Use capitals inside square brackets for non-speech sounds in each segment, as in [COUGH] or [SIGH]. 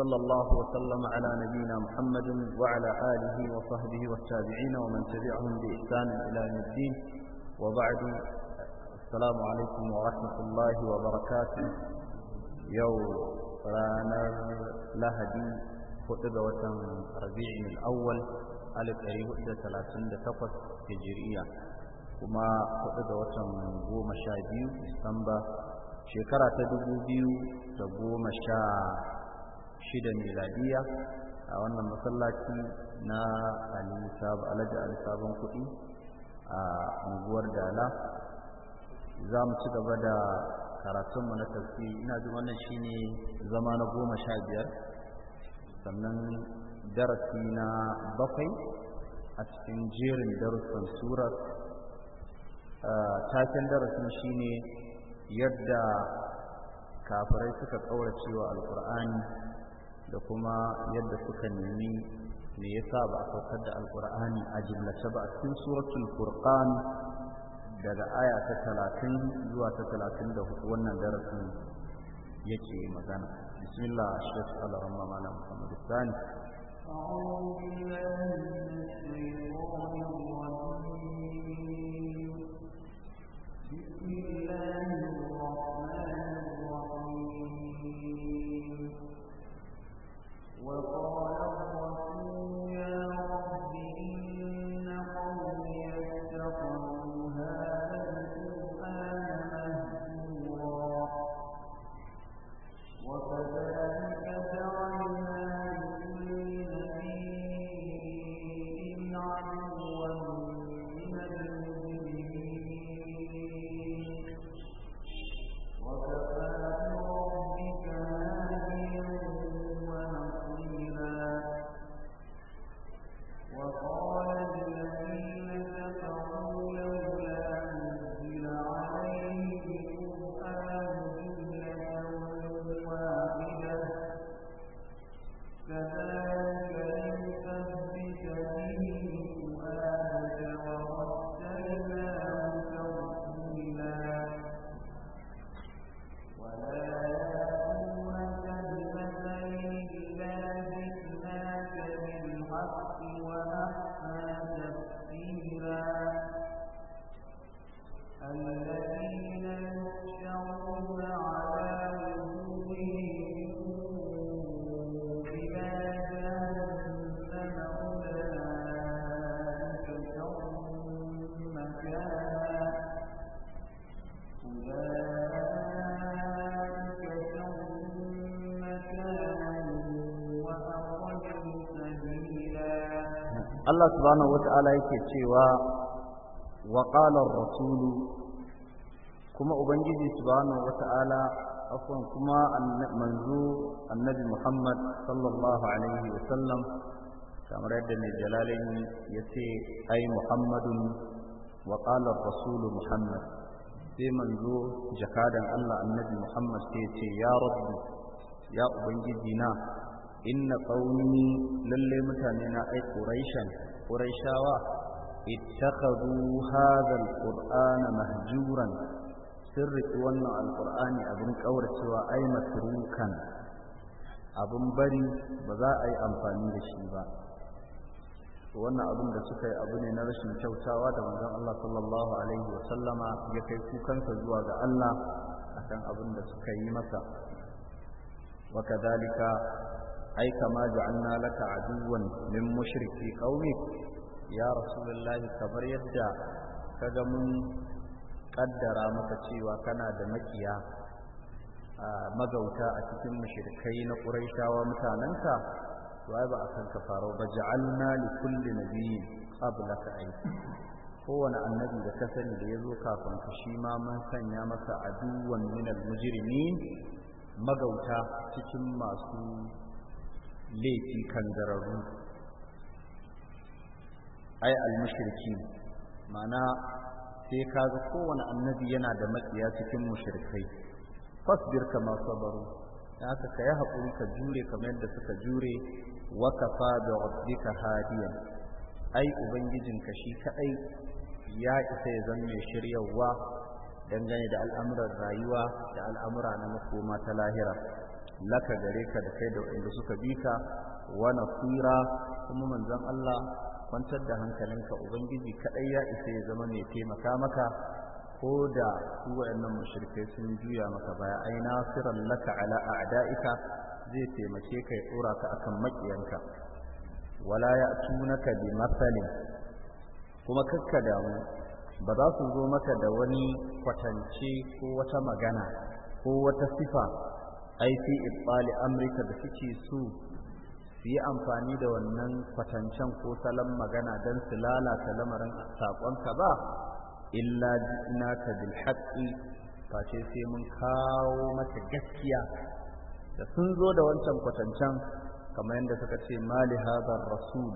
وصلى الله وسلم على نبينا محمد وعلى آله وصحبه والتابعين ومن تبعهم بإحسان إلى يوم الدين وبعد السلام عليكم ورحمة الله وبركاته يوم رانا لهدي خطب وتم ربيع الأول ألف أريه إلى ثلاثين دقيقة هجرية وما خطب وتم goma sha biyu Disamba shekara ta dubu biyu da goma sha shida miladiya a wannan masallaci na alhaji ali sabon kuɗi a unguwar dala za mu ci gaba da karatunmu na tafi ina ji wannan shine zama na goma sha biyar sannan darasi na bakwai a cikin jerin darussan surar taken darasin shine yadda kafirai suka ƙauracewa alkur'ani da kuma yadda suka nemi me yasa ba a saukar da alkur'ani a jimlace ba a cikin suratul furqan daga aya ta talatin zuwa ta talatin da hudu wannan darasin yake magana bismillah shekh alarma malam muhammadu sani وقال Allah subhanahu wata'ala yake cewa wa qala rasulu kuma ubangiji subhanahu wata'ala afwan kuma manzo annabi Muhammad sallallahu alaihi wa sallam kamar yadda mai jalalin ya ce ai Muhammadun wa qala rasulu Muhammad sai manzo jakadan Allah annabi Muhammad sai ya ce ya rabbi ya ubangiji na inna qaumi lalle mutane na ai quraishan ƙuraishawa ittakhadhu hadha alqur'ana mahjuran sirri wannan Alƙur'ani abin kauracewa ai masrukan abin bari ba za a yi amfani da shi ba wannan abin da suka yi abu ne na rashin kyautawa da manzon Allah sallallahu alaihi wa sallama ya kai kukansa zuwa ga Allah akan abin da suka yi masa Waka ai kama ja'alna laka aduwan min mushriki ƙauye? ya rasulullahi kamar yadda kaga mun kaddara maka cewa kana da makiya a magauta a cikin mushrikai na quraishawa mutananka to ai ba a san ka faro ba ja'alna li kulli nabiyyin qablaka ai kowane annabi da ka sani da ya zo kafin ka shi ma mun sanya masa aduwan min al-mujrimin magauta cikin masu laifi kan zararru ai almushirki, ma'ana sai ga kowane annabi yana da matsiya cikin mushirkai fasbir kama sabaru haka ka yi haƙuri ka jure kamar yadda suka jure wa kafa da rabbika hadiya ai ka shi kadai ya isa ya zama mai shiryawa dangane da al'amuran rayuwa da al'amura na makoma ta lahira laka gare ka da kai da wanda suka bi ka wa nasira kuma manzon Allah kwantar da hankalinka ubangiji kadai ya isa ya zama mai taimaka maka ko da su wayannan mushrikai sun juya maka baya ai nasiran laka ala a'da'ika zai taimake ka ya dora ka akan makiyanka wala ya tunaka bi masalin kuma kakka damu ba za su zo maka da wani kwatance ko wata magana ko wata sifa ai fi ibali amurka da suke so su yi amfani da wannan kwatancen ko salon magana don su lalata lamarin saƙonka ba illa ka bil haqqi ce sai mun kawo mata gaskiya da sun zo da wancan kwatancen kamar yadda suka ce mali hadar rasul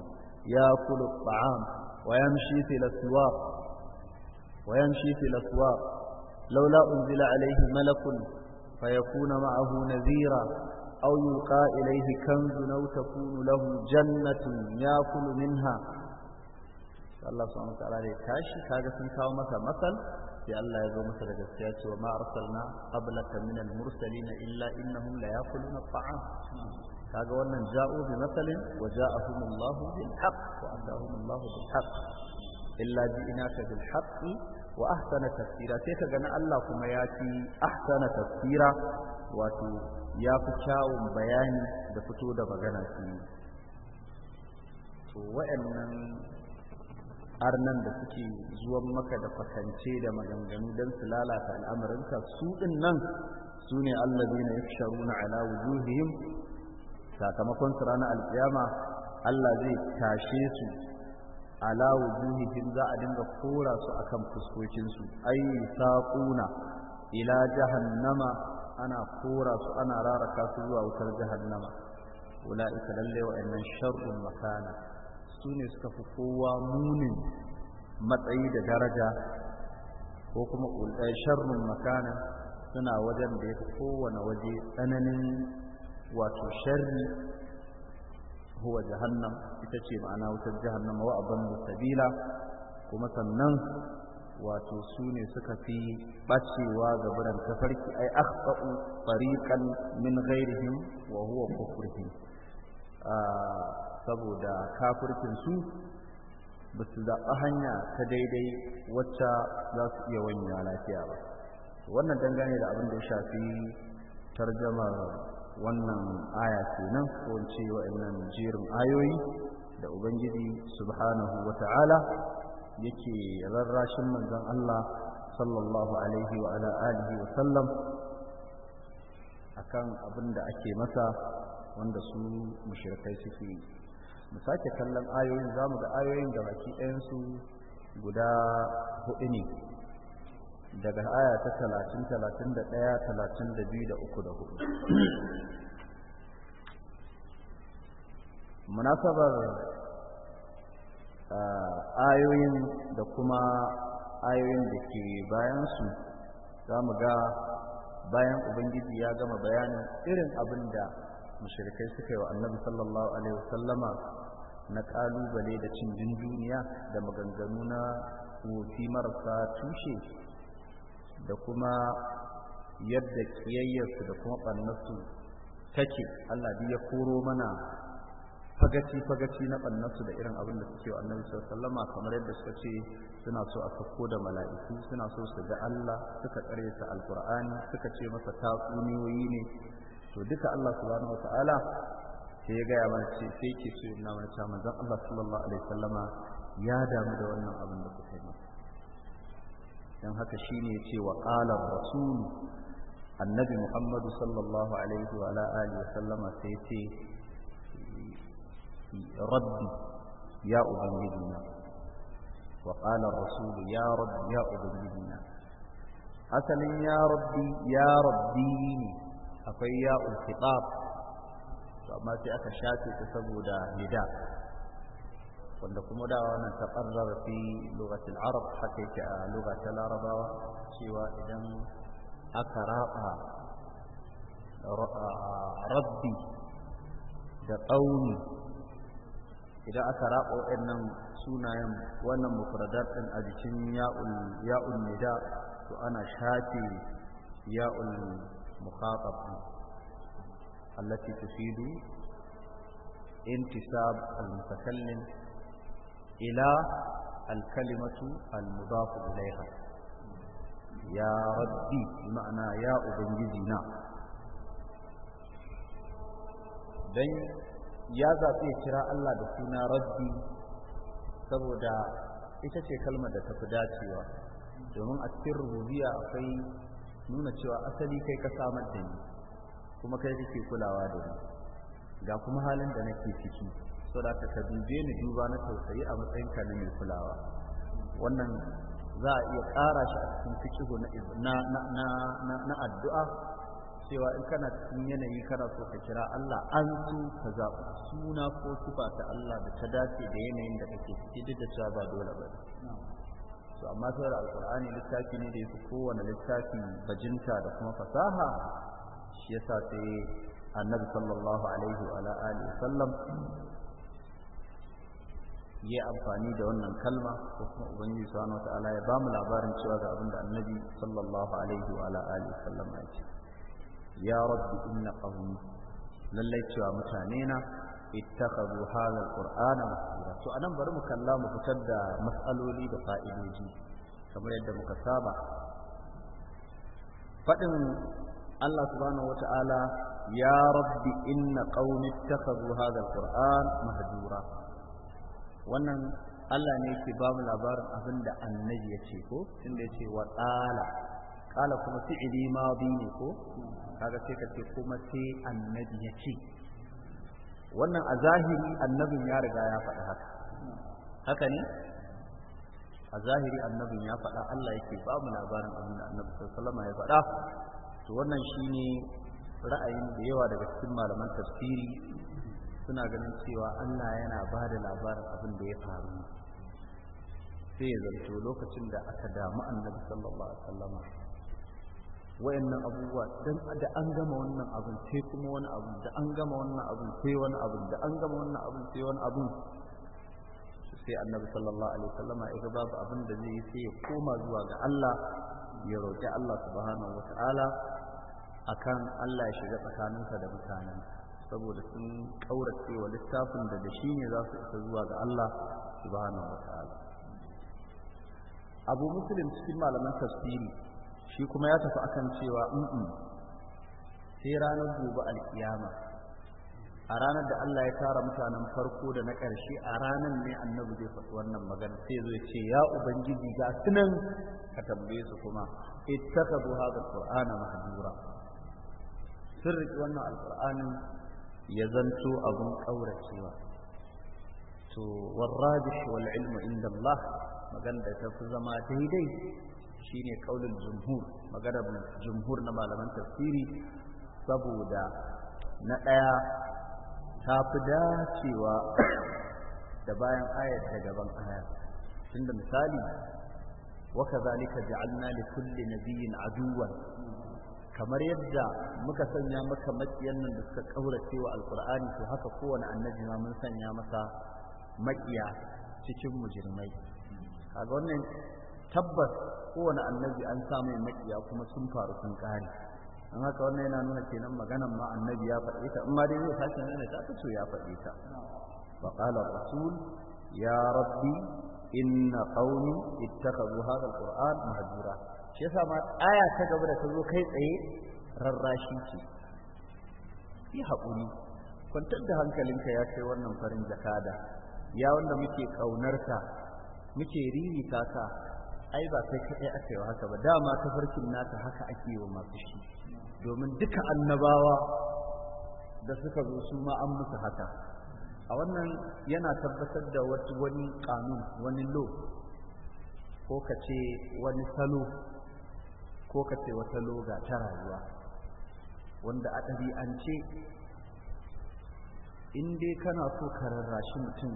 ya kulu ta'am wa yamshi fil wa yamshi laula unzila alayhi malakun فيكون معه نذيرا أو يلقى إليه كنز أو تكون له جنة يأكل منها الله سبحانه وتعالى كاشي كاجة سنكاو مثل مثل في الله يزوم مثل جسيات وما أرسلنا قبلك من المرسلين إلا إنهم ليأكلون الطعام kaga wannan ja'u bi masalin wa ja'ahum Allah bil haqq wa atahum Allah bil haqq illa ji'naka bil haqq wa ahsana tafsira sai ka gani Allah kuma ya fi ahsana tafsira wato ya fi kyawun bayani da fito da magana shi to wa'annan arnan da suke zuwan maka da fakance da maganganu don su lalata al'amarinka su ɗin nan su ne allazina na ala wujuhihim sakamakon su ranar alƙiyama Allah zai tashe su ala wujuhihim za a dinga kora su akan fuskocinsu. ai saquna ila jahannama ana kora su ana raraka su zuwa wutar jahannama ula'ika lalle wa'annan sharrun makana su ne suka fi kowa munin matsayi da daraja ko kuma eh, sharrun makana suna wajen da ya fi kowane waje tsananin wato sharri huwa jahannam ita ce ma'ana wutar jahannam wa abanda sabila kuma sannan wato su ne suka fi bacewa ga biran tafarki ai akhfa'u fariqan min ghairihim wa huwa kufrihim ah, saboda kafurkin su basu su hanya ta daidai wacce za su iya wanya lafiya ba wannan dangane da abin da ya shafi tarjamar wannan aya kenan ko in ce wa'annan jerin ayoyi da ubangiji subhanahu wata'ala yake rarrashin manzon Allah sallallahu alaihi wa ala alihi wa sallam akan abin da ake masa wanda su mushrikai suke mu sake kallon ayoyin zamu ga ayoyin da baki ɗayan su guda hudu ne daga aya ta talatin talatin da ɗaya talatin da biyu da uku da hudu munasabar ah, ayoyin da kuma ayoyin da ke bayansu za mu ga bayan ubangiji ya gama bayanin irin abin da mashirikai suka yi wa annabi sallallahu alaihi wasallama na ƙalubale da cin duniya da maganganu na wofi marasa tushe da kuma yadda kiyayyarsu da kuma ɓannarsu take Allah bi ya koro mana fagaci-fagaci na ɓannarsu da irin abin da suke wa annabi sallama kamar yadda suka ce suna so a sako da mala'iki, suna so su ga Allah suka tsare su alkur'ani suka ce masa tatsuniyoyi ne to duka Allah subhanahu wa sai ya gaya mana ce sai ke so na mana cewa manzon Allah sallallahu alaihi wasallama ya damu da wannan abin da kuke don haka shi ne ce wa ƙalar rasulu annabi muhammadu sallallahu alaihi wa ala'ali wa sallama sai ce rabbi ya ubangijina wa ƙalar rasulu ya rabbi ya ubangijina asalin ya rabbi ya rabbi ne akwai ya ulfiqab amma sai aka shafe ta saboda nida wanda kuma da wannan taqarrar fi lughati al-arab haka yake a lughati larabawa cewa idan aka raba rabbi da qauni idan aka raba waɗannan sunayen wannan mufradat din a jikin ya'ul ya'ul nida to ana shafe ya'ul mukhatab التي تفيد انتساب المتكلم ila alkalimatu almudafu ilaiha ya rabbi ma'ana ya ubangiji na dan ya zaɓi kira Allah da suna rabbi saboda ita ce kalmar da tafi dacewa domin a cikin rububiya akwai nuna cewa asali kai ka samar da ni kuma kai kake kulawa da ni ga kuma halin da nake ciki so da ka dube ni duba na tausayi a matsayin ka na mai kulawa wannan za a iya ƙara shi a cikin fikihu na na addu'a cewa in kana cikin yanayi kana so ka kira Allah an su ka zaɓi suna ko sifa ta Allah da ta dace da yanayin da kake ciki duk da cewa ba dole ba to amma sai alqur'ani littafi ne da yafi kowane littafi bajinta da kuma fasaha shi yasa sai annabi sallallahu alaihi wa alihi sallam yi amfani da wannan kalma ko kuma ubangiji subhanahu wataala ya ba mu labarin cewa ga abin da annabi sallallahu alaihi wa ala alihi sallam ya ce ya rabbi inna qawmi lallai cewa mutane na ittakhadhu hadha alqur'ana masjida to anan bari mu kalla mu fitar da mas'aloli da fa'idoji kamar yadda muka saba fadin Allah subhanahu wataala ya rabbi inna qaumi ittakhadhu hadha alqur'an mahdura wannan Allah ne yake ba mu labarin abin da annabi ya ce ko inda ya ce wa tsala kala kuma fi'ili bi ne ko kaga sai ka ce kuma sai annabi ya ce wannan a zahiri annabin ya riga ya faɗi haka haka ne a zahiri annabin ya faɗa Allah yake ba mu labarin abin da annabi sallallahu alaihi ya faɗa to wannan shine ra'ayin da yawa daga cikin malaman tafsiri suna ganin cewa Allah yana ba da labarin abin da ya faru sai ya zarto lokacin da aka damu annabi sallallahu alaihi wasallama wayannan abubuwa dan da an gama wannan abin sai kuma wani abu da an gama wannan abin sai wani abu da an gama wannan abin sai wani abu sai annabi sallallahu alaihi wasallama ya babu abin da zai yi sai ya koma zuwa ga Allah ya roƙi Allah subhanahu wataala akan Allah ya shiga tsakaninsa da mutanen. saboda sun kaurace wa littafin da da shi ne za su isa zuwa ga Allah subhanahu wa ta'ala abu muslim cikin malaman tafsiri shi kuma ya tafi akan cewa in sai ranar gobe alkiyama a ranar da Allah ya tara mutanen farko da na ƙarshe a ranar ne annabi zai faɗi wannan magana sai zai ce ya ubangiji ga sunan ka tambaye su kuma ittakhadhu hadha alqur'ana mahdura sun riƙi wannan alƙur'anin ya zanto abin ƙauracewa to warrajish wal ilmu inda Allah magana da ta fi zama daidai shine kaulin jumhur magana jumhur na malaman tafsiri saboda na ɗaya ta fi dacewa da bayan ayar da gaban aya tunda misali وكذلك جعلنا لكل نبي عدوا kamar yadda muka sanya maka makiyan nan da suka kaurace wa alqur'ani to haka kowane annabi ma mun sanya masa makiya cikin mujrimai kaga wannan tabbas kowane annabi an samu makiya kuma sun faru sun kare an haka wannan yana nuna kenan maganan ma annabi ya faɗe ta in ma dai zai sake nuna ta so ya faɗe ta wa qala rasul ya rabbi inna qaumi ittakhadhu hadha alqur'an mahjura shi yasa ma aya ta gaba da ta zo kai tsaye rarrashi ce yi haƙuri kwantar da hankalinka ya kai wannan farin jakada ya wanda muke ƙaunarka muke riri kaka ai ba kai kaɗai aka yi haka ba dama tafarkin naka haka ake yi wa masu shi domin duka annabawa da suka zo su ma an musu haka a wannan yana tabbatar da wani kanun wani lo ko ka ce wani salo ko ka ce wata loga ta rayuwa wanda a ce. in dai kana so ka rarrashi mutum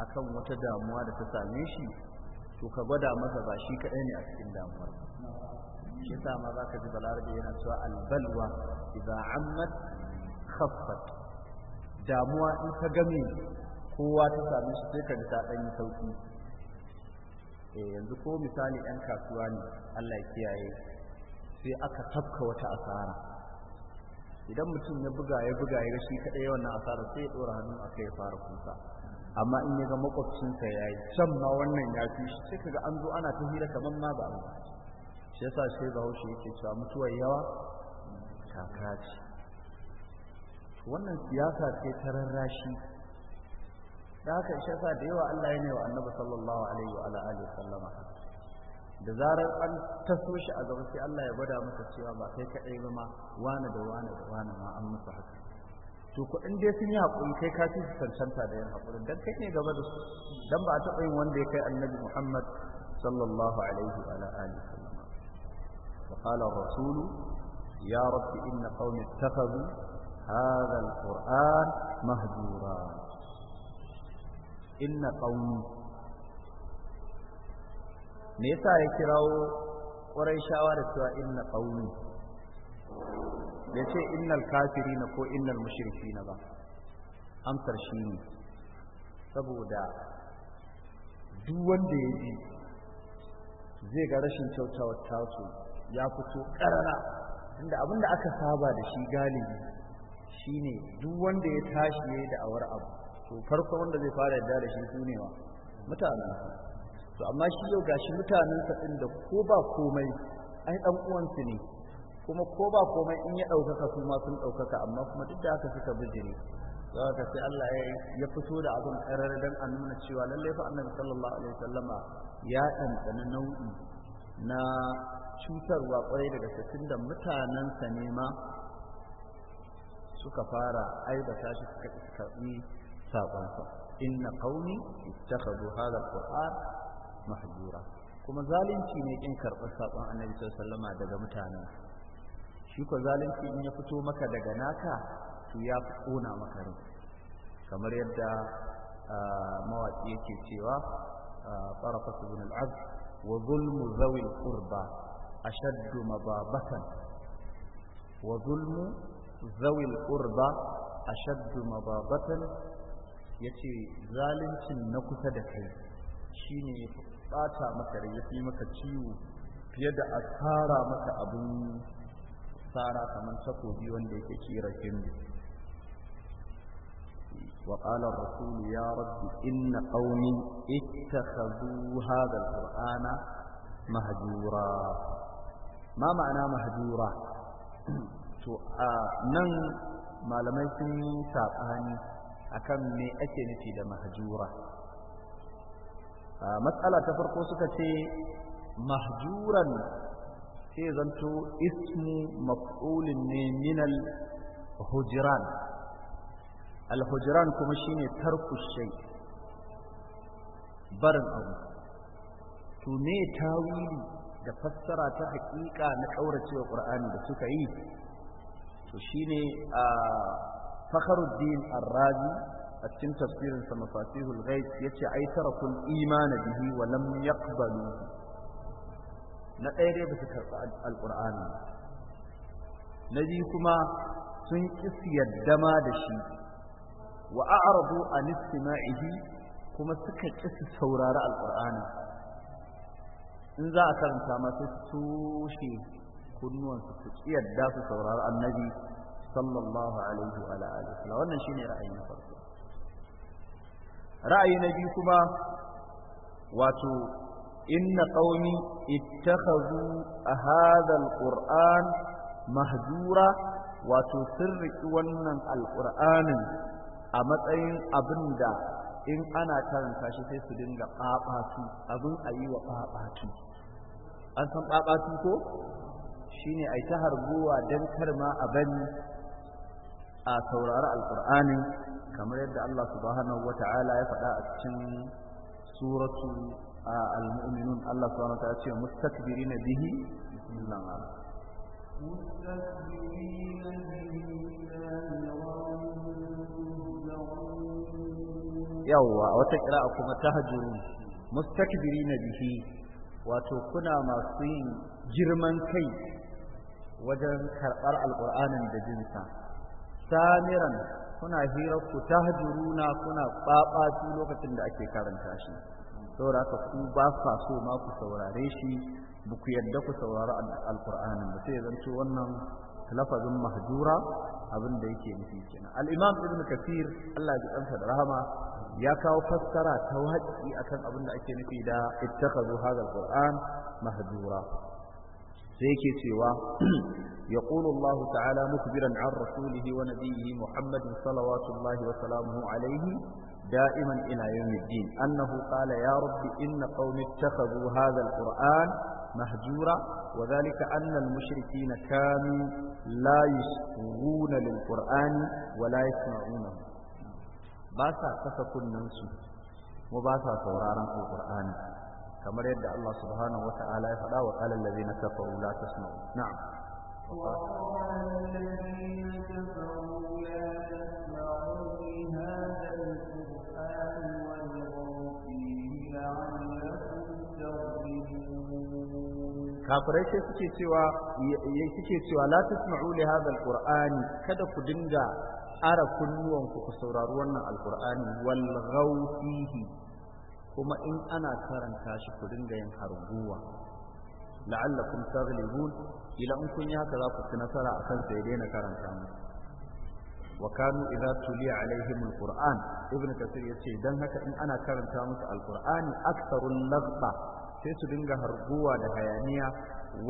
akan wata damuwa da ta same shi to ka gwada masa ba shi kaɗai ne a cikin damuwar shi sa ma za ka ji balarabe yana cewa albalwa idza ammat khaffat damuwa in ka game kowa ta same shi sai ka ji ta ɗan yi sauki eh, yanzu ko misali 'yan kasuwa ne Allah ya kiyaye sai aka tafka wata asara idan mutum ya buga ya buga ya shi kaɗai asara sai ya ɗora hannu aka ya fara kusa amma in ya ga makwabcinsa ya yi can ma wannan ya fi shi sai kaga an zo ana ta hira kamar ma ba a shi yasa sai bahaushe yake cewa mutuwar yawa kaka ce wannan siyasa ce ta rarrashi da haka shi yasa da yawa Allah ya ne wa annabi sallallahu alaihi wa alihi sallama da zarar an taso shi a gaba sai Allah ya gwada masa cewa ba kai kaɗai ba ma wane da wane da wane ma an masa haka to kuɗin dai sun yi haƙuri kai ka ci cancanta da yin haƙuri dan kai ne gaba da su dan ba a taɓa yin wanda ya kai annabi Muhammad sallallahu alaihi wa alihi wasallam wa qala rasulu ya rabbi inna qaumi ittakhadhu hadha alquran mahjura inna qaumi me yasa ya kirawo ƙwarai shawa da cewa inna qaumi ya ce innal kafirina ko innal mushrikina ba amsar shi ne saboda duk wanda ya ji zai ga rashin kyautawar tasu ya fito ƙarara inda abin da aka saba da shi galibi shine duk wanda ya tashi ya yi da'awar abu to farko wanda zai fara yadda da shi su ne wa mutanen to amma shi yau gashi mutanen sa din da ko ba komai ai dan uwansu ne kuma ko ba komai in ya ɗaukaka su ma sun ɗaukaka amma kuma duk da haka suka bijire don ka sai Allah ya fito da abin karar dan a nuna cewa lallai fa annabi sallallahu alaihi wasallama ya ɗanɗana nau'i na cutarwa kwai daga gaske da mutanensa ne ma suka fara aibata shi suka karɓi saƙonsa inna qaumi ittakhadhu hadha alquran mahjura kuma zalunci ne kin karɓar saƙon annabi sallama daga mutane shi ko zalunci in ya fito maka daga naka to ya fi ƙona maka rai kamar yadda mawaƙi yake cewa farafatu bin al'abd wa zulmu zawil qurba ashaddu mababatan wa zulmu zawil qurba ashaddu mababatan yace zalunci na kusa da kai shine Mu maka sha masa maka ciwo fiye da asara maka abun sara kamar sako biyan da ya ƙi ra himbe. Waƙalan Rasuluhu ya rabbi in na auni ita ka mahjura. Ma ma'ana mahjura, [CLEARS THROAT] to a nan malamai sun yi sa'a akan me ake nufi da mahjura? Ah, matsala ta farko suka ce mahjuran sai zanto ismu maf'ulin ne minal hujran al kuma shine tarku shay barin abu to ne tawili da fassara ta hakika na kauracewa qur'ani da suka yi to shine a ah, fakharuddin ar-razi a cikin tafsirin sa mafatihul ghaib yace ai tarakul imana bihi wa lam yaqbalu na ɗaya dai basu karɓi alqur'ani na biyu kuma sun kisi yadda ma da shi wa a'radu an istima'ihi kuma suka kisi saurari alqur'ani in za a karanta ma sai su tushe kunnuwansu su yadda su saurari annabi sallallahu alaihi wa alihi wannan shine ra'ayin farko ra'ayi na biyu kuma wato inna qaumi ittakhadhu hadha alquran mahjura wato sirriki wannan alqur'anin a matsayin abinda in ana karanta shi sai su dinga ɓaɓatu abin ayi wa ɓaɓatu. an san ɓaɓatu ko shine ai ta harbuwa dan karma a bani a saurari alqur'anin kamar yadda Allah subhanahu wata'ala ya faɗa a cikin suratu al-mu'minun Allah subhanahu wata'ala ce mustakbirina bihi bismillah mustakbirina bihi a wata qira'a kuma tahajjurun mustakbirina bihi wato kuna masu yin girman kai wajen karɓar alƙur'anin da jinsa samiran kuna hirar ku ta tahjuruna kuna babatu lokacin da ake karanta shi saboda haka ku ba fa so ma ku saurare shi ba ku yadda ku saurari alkur'ani ba sai zanto wannan lafazin mahjura abin da yake nufi kenan al-imam ibn kathir Allah ya kansa da rahama ya kawo fassara ta wahabi akan abin da ake nufi da ittakhadhu hadha al-qur'an mahjura sai yake cewa يقول الله تعالى مخبرا عن رسوله ونبيه محمد صلوات الله وسلامه عليه دائما إلى يوم الدين أنه قال يا رب إن قوم اتخذوا هذا القرآن مهجورا وذلك أن المشركين كانوا لا يسرون للقرآن ولا يسمعونه باسا تفكن ننسو وباسا سورارا القرآن kamar yadda Allah subhanahu wa ta'ala ya faɗa wa qala allazina kafaru la tasma'u na'am وقال الذين كفروا لا تسمعوا لهذا القرآن والغوا فيه لعلكم تغلبون kafirai sai suke cewa suke cewa la tasma'u li hadha alqur'ani kada ku dinga ara kunnuwanku ku saurari wannan alqur'ani wal fihi kuma in ana karanta shi ku dinga yin harguwa la'allakum taghlibun ila in kun yi haka za ku ci nasara akan sai daina karanta mu wa kanu idza tuliya alaihim alquran ibnu kasir yace dan haka in ana karanta musu alqurani aktharul lafza sai su dinga harguwa da hayaniya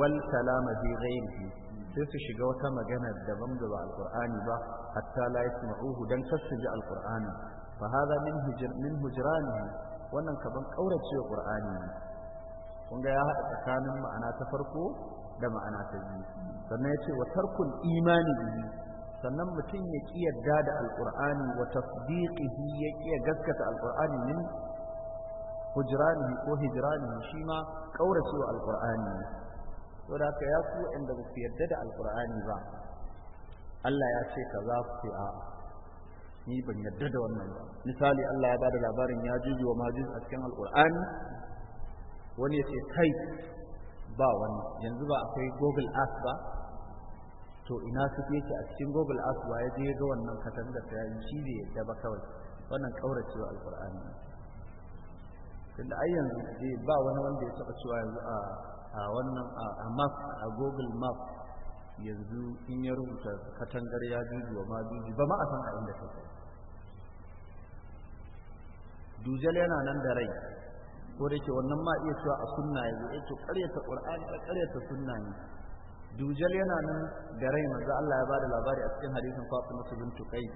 wal kalama bi ghairihi sai su shiga wata magana daban da ba alqurani ba hatta la yasma'uhu dan kasu ji alqurani fa hadha min hijr min hujranihi wannan kaban kauracewa qur'ani kun ga ya haɗa tsakanin ma'ana ta farko da ma'ana ta biyu sannan yace ce wa tarkul imani bihi sannan mutum ya ƙi da alƙur'ani wa tasdiqihi ya ƙi gaskata alƙur'ani min hujranihi ko hijranihi shi ma kauracewa alƙur'ani saboda haka ya ku inda ku yarda da alƙur'ani ba Allah ya ce kaza ku ni ban yarda da wannan ba misali Allah ya bada labarin ya jiji wa majus a cikin alqur'ani wani ya ce kai ba wani yanzu ba akwai google earth ba to ina su yake a cikin google earth wa ya je ga wannan katangar ta yi shi ne ya ba kawai wannan kauracewa alqur'ani tunda ai yanzu je eh, ba wani wanda ya taba cewa yanzu a a wannan a map a google map yanzu in ya rubuta katangar ya juji wa ma juji ba ma a san a inda take dujal yana nan da rai ko da ke wannan ma iya cewa a sunna ya zai ce ƙaryata qurani ta karyata sunna ne dujal yana nan da rai manzo Allah ya ba da labari a cikin hadisin Fatima bin Qais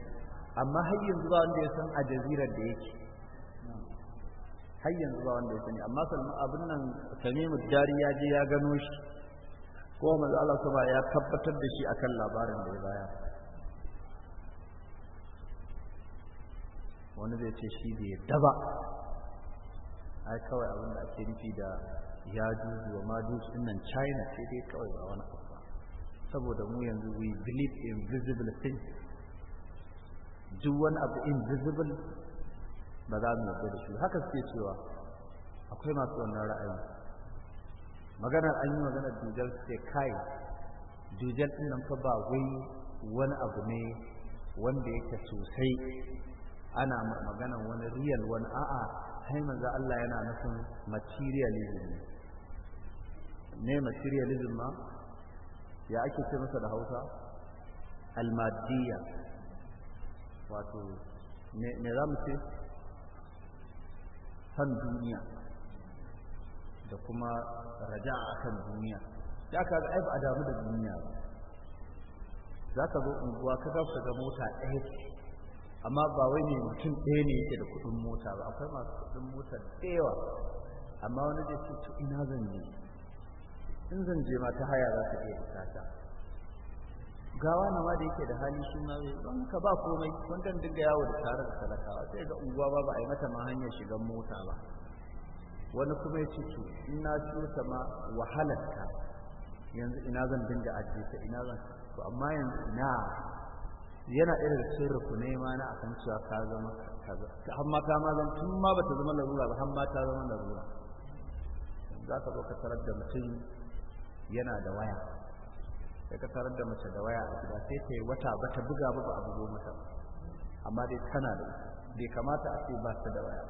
amma har yanzu ba wanda ya san a jazirar da yake har yanzu ba wanda ya sani amma salma abin nan tamimu dari ya je ya gano shi ko manzo Allah ya tabbatar da shi akan labarin da ya bayar wani zai ce shi bai yadda ba ai kawai abin da ake nufi da ya dubu wa ma sun nan china sai dai kawai ba wani abu saboda mu yanzu we believe in visible things duk wani abu invisible ba za mu yarda da shi haka suke cewa akwai masu wannan ra'ayin, maganar an yi maganar dujal sai kai dujal ɗin nan fa ba wai wani abu ne wanda yake sosai ana magana wani real wani a'a sai manzo Allah yana nufin materialism ne materialism ma ya ake ce masa da Hausa almadiyya wato me za mu ce san duniya da kuma raja a kan duniya da ka ga ai ba a damu da duniya za ka zo unguwa ka ga mota ɗaya amma ba wai ne mutum ɗaya ne yake da kuɗin mota ba akwai masu kuɗin mota da yawa amma wani da ce ina zan je in zan je ma ta haya za ta iya bukata gawa na ma da yake da hali shi ma zai don ka ba komai wanda dinga yawo da tare da talakawa sai ga unguwa ba ba a yi mata ma hanyar shigan mota ba wani kuma ya ce to in na ciyo ta ma wahalarka yanzu ina zan dinga ajiye ta ina zan to amma yanzu ina yana irin da cikin rukunai ma na akan cewa ka zama kaza har ma ta ma zama tun ma ba ta zama larura ba har ta zama larura za ka zo ka tarar da mutum yana da waya sai ka tarar da mace da waya a gida sai ta yi wata ba ta buga ba ba a bugo mata amma dai tana da bai kamata a ce ba ta da waya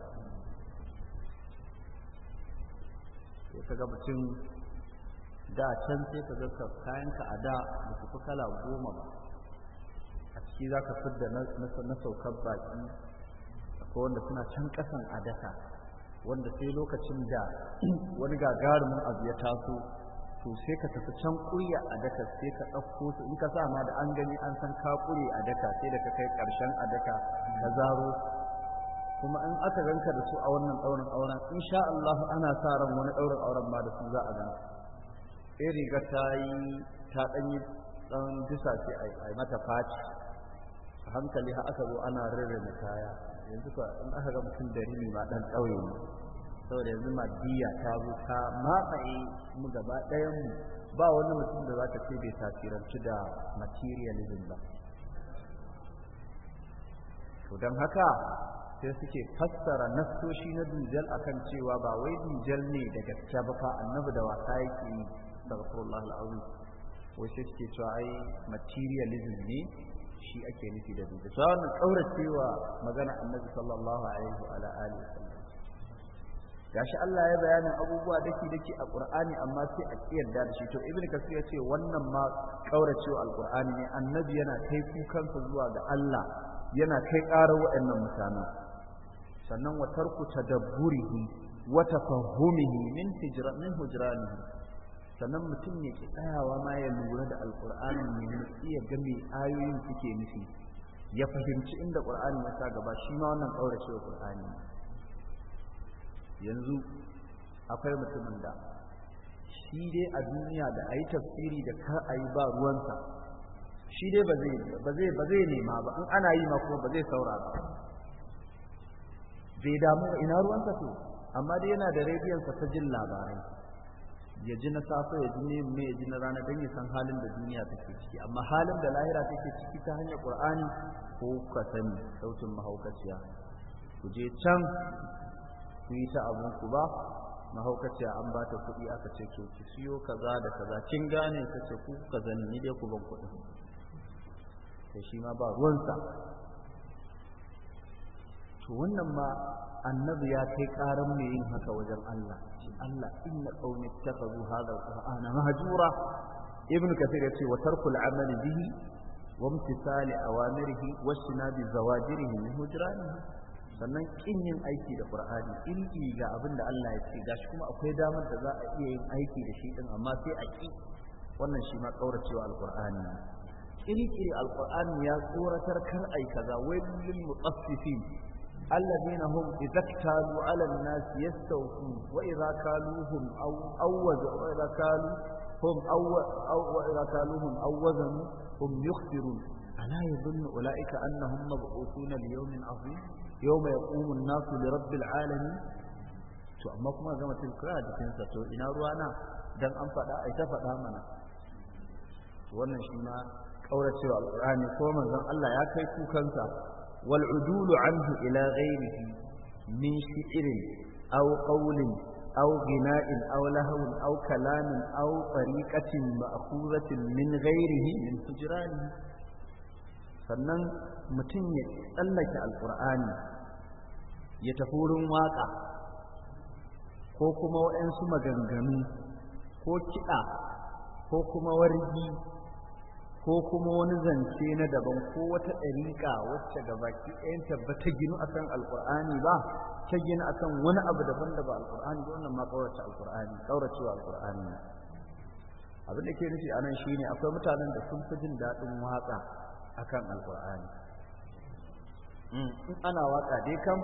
sai ka ga mutum da can sai ka ga kayanka a da ba su fi kala goma ba a ciki za ka fidda na saukar baki ko wanda suna can ƙasan a daka wanda sai lokacin da wani gagarumin abu ya taso to sai ka tafi can ƙurya a daka sai ka ɗauko su in ka sa ma da an gani an san ka kure a daka sai da ka kai ƙarshen a daka ka zaro kuma in aka ganka da su a wannan ɗaurin auren in sha Allah ana sa ran wani ɗaurin auren ma da su za a ga sai riga ta yi ta ɗan yi ɗan disa ce a mata faci hankali har aka zo ana rarrabe kaya yanzu ka in aka ga mutum da rini ma dan ƙauye ne saboda yanzu ma diya ta zo ta matsaye mu gaba ɗayan mu ba wani mutum da za ka ce bai tasiranci da materialism ba to don haka sai suke fassara nassoshi na dujal kan cewa ba wai dujal ne da gaskiya ba fa annabi da wasa yake yi da rasulullah al'azim wai sai suke cewa ai materialism ne shi ake nufi da zuciya sa wannan kauracewa magana annabi sallallahu alaihi wa alihi wasallam gashi Allah ya bayanin abubuwa dake dake a Qur'ani amma sai a kiyarda da shi to ibnu kasir ya ce wannan ma kauracewa alqur'ani ne annabi yana kai kukansa zuwa ga Allah yana kai karar waɗannan mutanen sannan wa tarku tadabburihi wa tafahumihi min hijra min hujranihi sannan mutum ya ki tsayawa ma ya lura da alƙur'ani ne iya ga ayoyin suke nufi ya fahimci inda ƙur'ani ya sa gaba shi ma wannan ƙauracewa ƙur'ani yanzu akwai mutumin da shi dai a duniya da a yi tafsiri da kar a yi ba ruwansa shi dai ba zai nema ba in ana yi ma kuma ba zai saura ba. bai damu ina ruwansa to amma dai yana da rediyonsa ta jin labarai ya ji na safe ya ji ne mai ya ji na rana don ya san halin da duniya take ciki amma halin da lahira take ciki ta hanyar qur'ani ko ka sani sautin mahaukaciya ku je can ku yi ta abun ku ba mahaukaciya an ba ta kuɗi aka ce to ki siyo kaza da kaza kin gane ta ce ku ka zani ni dai ku ban kuɗi. to shi ma ba ruwansa to wannan ma annabi ya kai ƙaran mai yin haka wajen Allah Allah inna qaumi ittakhadhu hadha alqur'ana mahjura ibn kathir yace wa tarku al'amal bihi wa imtisal awamirihi wa istinab zawajirihi min hujranihi sannan kin yin aiki da qur'ani ilki ga abin da Allah ya ce gashi kuma akwai damar da za a iya yin aiki da shi din amma sai a ki wannan shi ma kauracewa alqur'ani kirkiri alqur'ani ya tsoratar kar ai kaza wailul mutaffifin الذين هم إذا اكتالوا على الناس يستوفون وإذا كالوهم أو, أو وإذا كالوا هم أو, أو وإذا كالوهم أو وزنوا هم يخسرون ألا يظن أولئك أنهم مبعوثون ليوم عظيم يوم يقوم الناس لرب العالمين to amma kuma gama tilkira a jikinsa to ina ruwana don an faɗa a ita faɗa mana wannan shi ma ƙauracewa alƙur'ani ko manzon Allah ya kai kukansa والعدول عنه إلى غيره من شعر أو قول أو غناء أو لهو أو كلام أو طريقة مأخوذة من غيره من سجرانه sannan mutum ya tsallake alkur'ani ya tafi wurin waƙa ko kuma waɗansu maganganu ko kiɗa ko kuma wargi ko kuma wani zance na daban ko wata ɗariƙa wacce ga baki ɗayanta ba ta ginu a kan alƙur'ani ba ta ginu a kan wani abu daban da ba alƙur'ani ba wannan ma ƙaurace alƙur'ani ƙauracewa alƙur'ani abin da ke nufi a nan shine akwai mutanen da sun fi jin daɗin waƙa a kan alƙur'ani hmm, in ana waƙa dai kam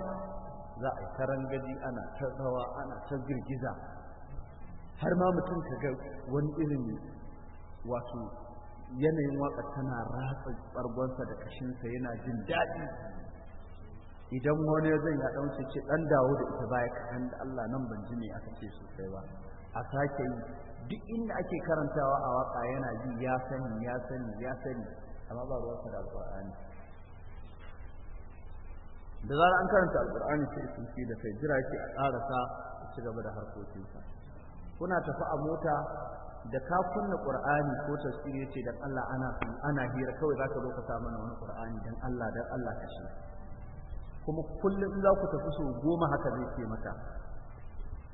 za a yi taron gaji ana ta rawa ana ta girgiza har ma mutum ka ga wani irin wato yanayin waka tana ratsa bargonsa da kashinsa yana jin daɗi idan wani zai ya su ce ɗan dawo da ita baya ka da Allah nan ban ji ne aka ce sosai ba a sake yi duk inda ake karantawa a waka yana ji ya sani ya sani ya sani amma ba sa da alqur'ani da zara an karanta alqur'ani sai sun fi da kai jira yake a karasa ci gaba da harkokinsa kuna tafi a mota da ka kunna qur'ani ko tafsiri yace dan Allah ana ana hira kawai zaka zo ka sa mana wani qur'ani dan Allah dan Allah ka shi kuma kullum za ku tafi so goma haka zai ce maka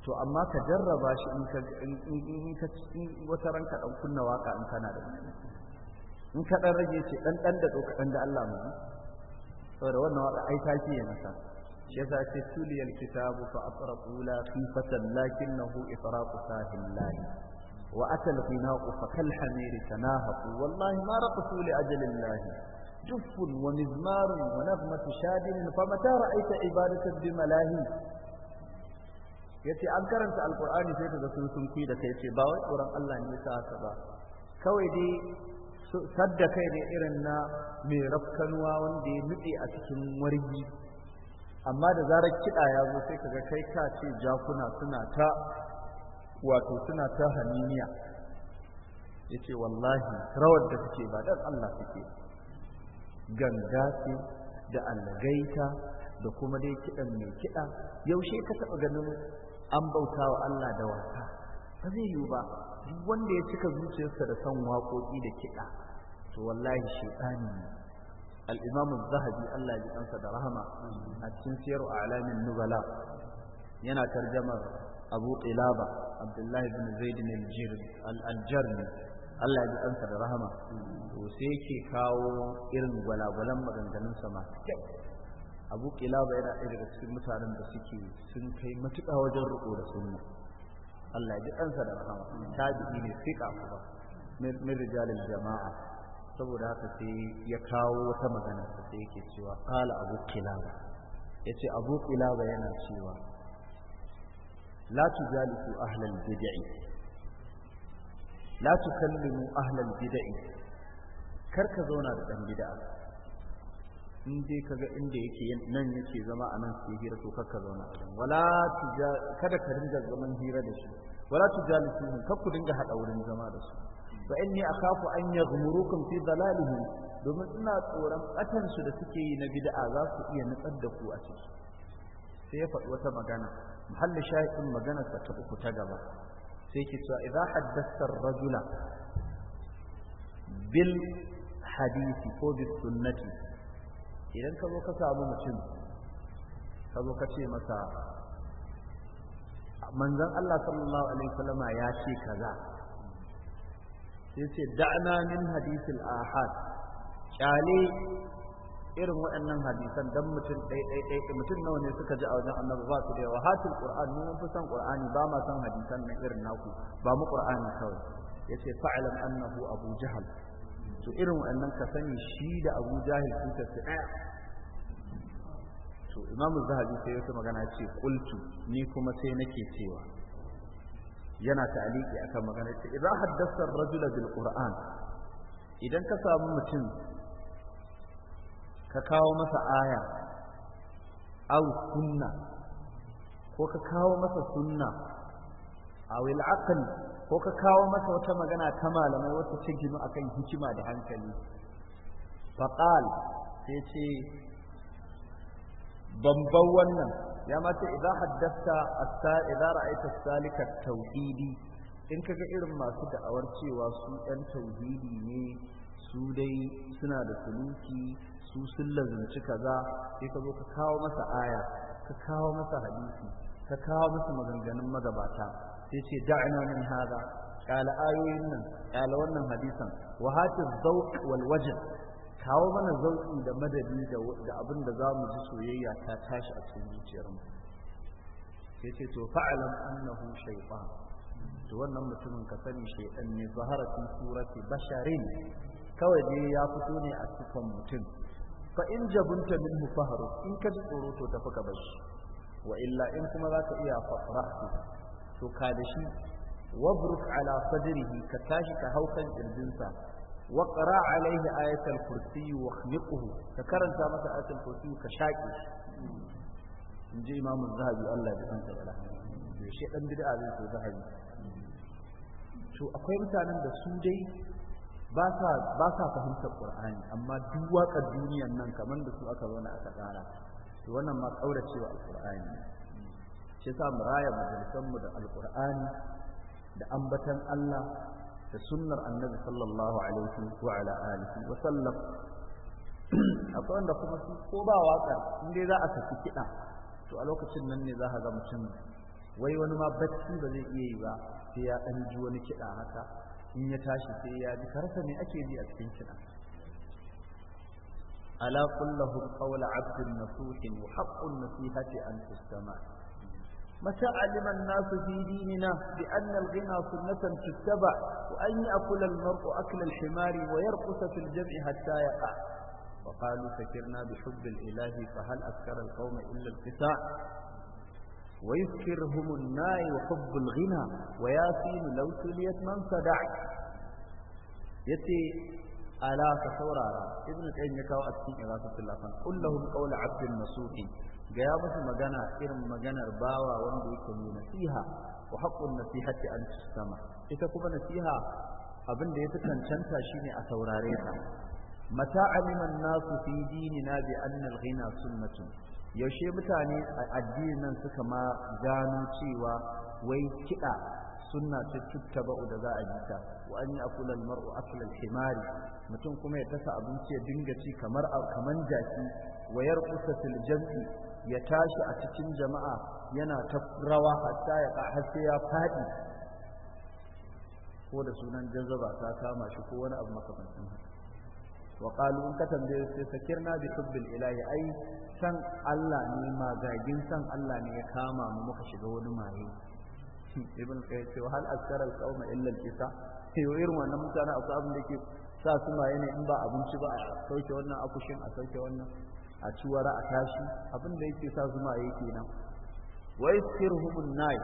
to amma ka jarraba shi in ka in ka wata ranka dan kunna waka in kana da in ka dan rage ce dan dan da doka dan da Allah mu saboda wannan waka ai taki ya nasa. shi yasa ce tuliyal kitabu fa aqra'u la khifatan lakinnahu ifraqu sahillahi وأتى الغناء فكالحمير تناهق والله ما رقصوا لأجل الله جف ومزمار ونغمة شادن فمتى رأيت عبادة بملاهي yace an karanta alqur'ani sai ka ga sun sun kui da kai ce ba wai tsoron Allah ne yasa ba kawai dai sadda kai ne irin na mai rafkanuwa wanda ya nutse a cikin wargi amma da zarar kiɗa ya zo sai kaga kai ka ce jakuna suna ta wato suna ta ya yace wallahi rawar da suke ba dan Allah suke ganga ce da allagaita da kuma dai kiɗan mai kiɗa yaushe ka taɓa ganin an bauta wa Allah da wasa ba zai yiwu ba duk wanda ya cika zuciyarsa da son waƙoƙi da kiɗa to wallahi shaitani ne al-imam zahabi Allah ya kansa da rahama a cikin siyaru alamin nubala yana tarjamar abu ilaba abdullahi bin zaid bin al-jarmi Allah ya ji ɗansa da rahama to sai yake kawo irin gwalagwalan maganganun sama abu yana ɗaya daga cikin mutanen da suke sun kai matuƙa wajen riƙo da sunna Allah ya ji ɗansa da rahama tabi'i ne fiqa kuma min rijalil jama'a saboda haka sai ya kawo wata magana sai yake cewa qala abu kilaba yace abu yana cewa la tujalisu ahlal bid'i la tukallimu ahlal bid'i kar ka zauna da dan bid'a in dai kaga inda yake nan yake zama a nan sai hira to kar ka zauna wala tuja kada ka dinga zaman hira da shi wala tujalisuhum kar ku dinga hada wurin zama da su fa inni akhafu an yaghmurukum fi dalalihim domin ina tsoron batan da suke yi na bid'a za su iya nutsar da ku a ciki sai ya faɗi wata magana mahallin shahi'in maganarsa ta uku ta gaba sai ke cewa idan haddasar rajula bil hadisi ko bil sunnati idan ka zo ka samu mutum ka ka ce masa manzon Allah sallallahu alaihi wasallama ya ce kaza sai ce da'ana min ahad kyale irin waɗannan hadisan dan mutum ɗai ɗai ɗai mutum nawa ne suka ji a wajen annabi ba su da yawa hatin qur'an mu mun fi san qur'ani ba ma san hadisan na irin naku ba mu qur'ani kawai yace fa'lam annahu abu jahal to irin waɗannan ka sani shi da abu jahil sun tafi ɗaya to imamu zahabi sai wata magana ce qultu ni kuma sai nake cewa yana ta'aliki akan magana ce idan haddasa rajula bil qur'an idan ka samu mutum ka kawo masa aya aw sunna ko ka kawo masa sunna aw al-aql ko ka kawo masa wata magana ta malamai wata ta gino akan hikima da hankali faqal sai ce bambam wannan ya mace idza haddasta asta idza ra'aita salika tauhidi in kaga irin masu da'awar cewa su ɗan tauhidi ne su dai suna da suluki su sun kaza sai ka zo ka kawo masa aya ka kawo masa hadisi ka kawo masa maganganun magabata sai ce da'ina min hada kala ayoyin nan kala wannan hadisan wa hatiz zawq wal wajh kawo mana zauki da madadi da abin da za mu ji soyayya ta tashi a cikin zuciyarmu sai ce to fa'alam annahu shaytan to wannan mutumin ka sani shaytan ne zahara fi surati basharin kawai dai ya fito ne a cikin mutum fa in jabunta minhu fahru in ka ji tsoro to tafi ka bashi wa illa in kuma za zaka iya fafrahu to ka da shi wabruk ala sadrihi ka tashi ka haukan kirjinsa wa qra alaihi ayatul kursi wa khniquhu ka karanta masa ayatul kursi ka shaƙe shi in ji imamu zahabi Allah ya san tsara to shi dan bid'a zai so zahabi to akwai mutanen da su dai ba sa fahimtar ƙur'ani amma duk waƙar duniyar nan kamar da su aka zauna aka tsara to wannan ma cewa Alƙur'ani shi sa mu raya da Alƙur'ani da ambatan Allah da sunnar annabi sallallahu alaihi wa ala alihi wa sallam akwai wanda kuma su ko ba waƙar in dai za a saki kiɗa to a lokacin nan ne za a ga mutum wai wani ma bacci ba zai iya yi ba sai ya ɗan ji wani kiɗa haka in ya tashi sai ya ji karsa me ake ji a cikin kiɗa ala kullahu qawla abdin nasuhin wa haqqun nasihati an tustama متى علم الناس في ديننا بأن الغنى سنة تتبع وأن يأكل المرء أكل الحمار ويرقص في الجمع حتى يقع وقالوا سكرنا بحب الإله فهل أذكر القوم إلا القطاع ويذكرهم الناي وحب الغنى وياسين لو تليت من صدع يتي ألا تصورارا ابن تيم يكاو أتين إغاثة الله قل لهم قول عبد النسوحي قيامة مجانا إرم مجانا باوا وندوك نسيها وحق النسيحة أن تستمع إذا كما نسيها abin da ya fi cancanta shine a saurare ta mata aliman nasu fi dinina bi anna al-ghina sunnatun yaushe mutane a addinin nan suka ma gano cewa wai kiɗa sunna ce ba da za a ji ta wa an ya'kula maru himari mutum kuma ya tasa abinci ya dinga ci kamar kaman jaki Wayar kusa fil ya tashi a cikin jama'a yana ta rawa hatta ya har sai ya faɗi. ko da sunan jazaba ta kama shi ko wani abu makamancin wa qalu in ka tambaye sai sakirna bi hubbil ilahi ai san Allah ne magagin san Allah ne ya kama mu muka shiga wani maye [LAUGHS] ibn kai ce wa hal askara al illa al-kisa yau [LAUGHS] irin wannan mutane a abin da ke sa su maye ne in ba abinci ba a sauke wannan akushin a sauke wannan a ciwara a tashi abin da yake sa su maye kenan wa iskirhumun nay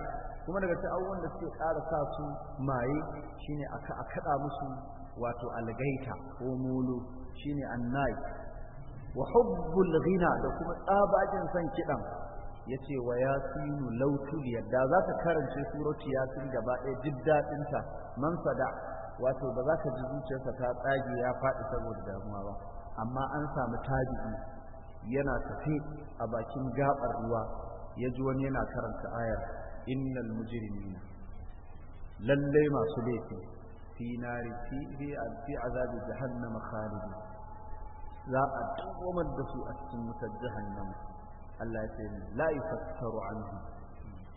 kuma daga ta abubuwan da suke kara sa su maye shine a kaɗa musu wato algaita ko mulu shine annai wa hubbul ghina da kuma tsabajin san kidan yace wa yasinu law tuliyat da za ta karance surati yasin gaba ɗaya duk dadin ta man sada wato ba za ka ji zuciyarsa ta tsage ya faɗi saboda damuwa ba amma an samu tabi'i yana tafi a bakin gabar ruwa ya ji wani yana karanta ayar innal mujrimina lallai masu laifi fi nari fi azabi jahannama khalidin za a dawamar da su a cikin wutar nama. Allah ya ce la yafakkaru anhu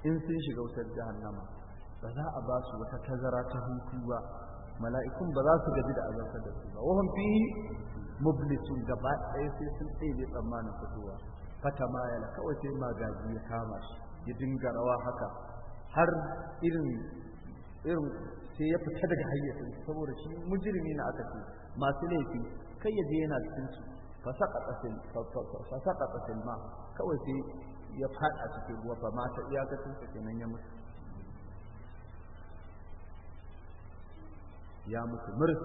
in sun shiga wutar nama ba za a ba su wata tazara ta hutu ba mala'ikun ba za su gaji da azabtar da su ba wahum fi mublisun gaba ɗaya sai sun tsebe tsammanin fitowa fata mayala kawai sai magaji ya kama shi ya dinga rawa haka har irin irin sai ya fita daga hayyacin saboda shi mujirmi na aka ce masu laifi kai ya je yana cikin su fasaka tsasin ma kawai sai ya fada cikin ruwa ba mata ga sa kenan ya mutu ya mutu murs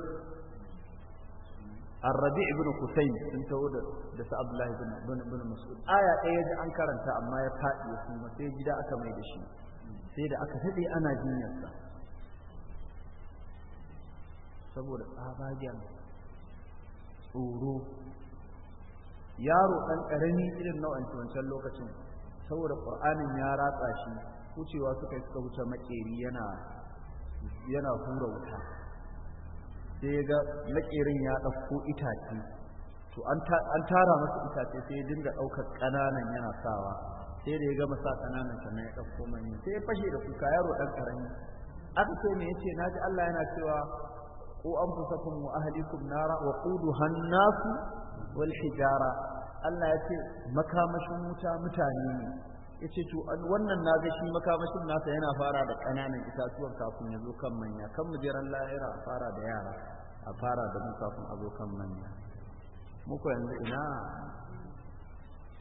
الربيع بن قسيم sun ود da sa Abdullahi bin bin Mas'ud aya ɗaya da an karanta amma ya faɗi ya kuma sai gida aka mai da shi sai da aka tafi ana jinyar sa saboda tsabagen tsoro yaro ɗan ƙarami irin nau'in wancan lokacin saboda ƙur'anin ya ratsa shi wucewa suka yi suka wuce maƙeri yana hura wuta sai ya ga maƙerin ya ɗauko itace to an tara masa itace sai ya dinga ɗaukar ƙananan yana sawa sai da ya gama sa ƙananan sannan ya ɗauko manyan sai ya fashe da kuka yaro ɗan ƙarami aka ce me yace na ji Allah yana cewa ku anfusakum wa ahlikum nara wa quduha an-nas wal hijara Allah yace makamashin wuta mutane ne yace to wannan na ga shi makamashin nasa yana fara da kananan itatuwan kafin ya zo kan manya kan mujiran lahira a fara da yara a fara da mu kafin a kan manya muku yanzu ina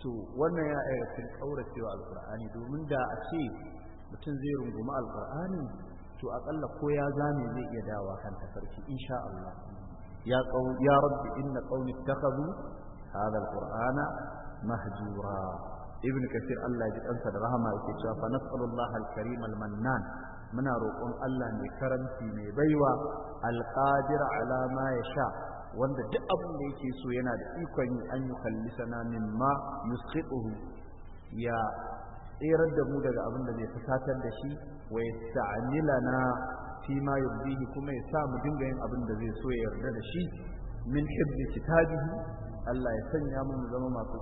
to wannan ya ayyukan cewa alqur'ani domin da a ce mutum zai rungumi alqur'ani to aƙalla ko ya zame zai iya dawa kan tafarki insha Allah ya qaum ya rabbi inna qaumi ittakhadhu hadha alqur'ana mahjura ibn kathir Allah ya ji kansa da rahama yake cewa fa nas'alullah alkarim almannan muna roƙon Allah mai karanti mai baiwa alqadir ala ma yasha wanda duk abin da yake so yana da ikon yi an yi kallisana min ma yusqiquhu ya tserar da mu daga abin da zai fusatar da shi wa na fi ma yurdihi kuma ya sa mu dinga yin abin da zai so ya yarda da shi min hibbi kitabihi Allah ya sanya mu zama masu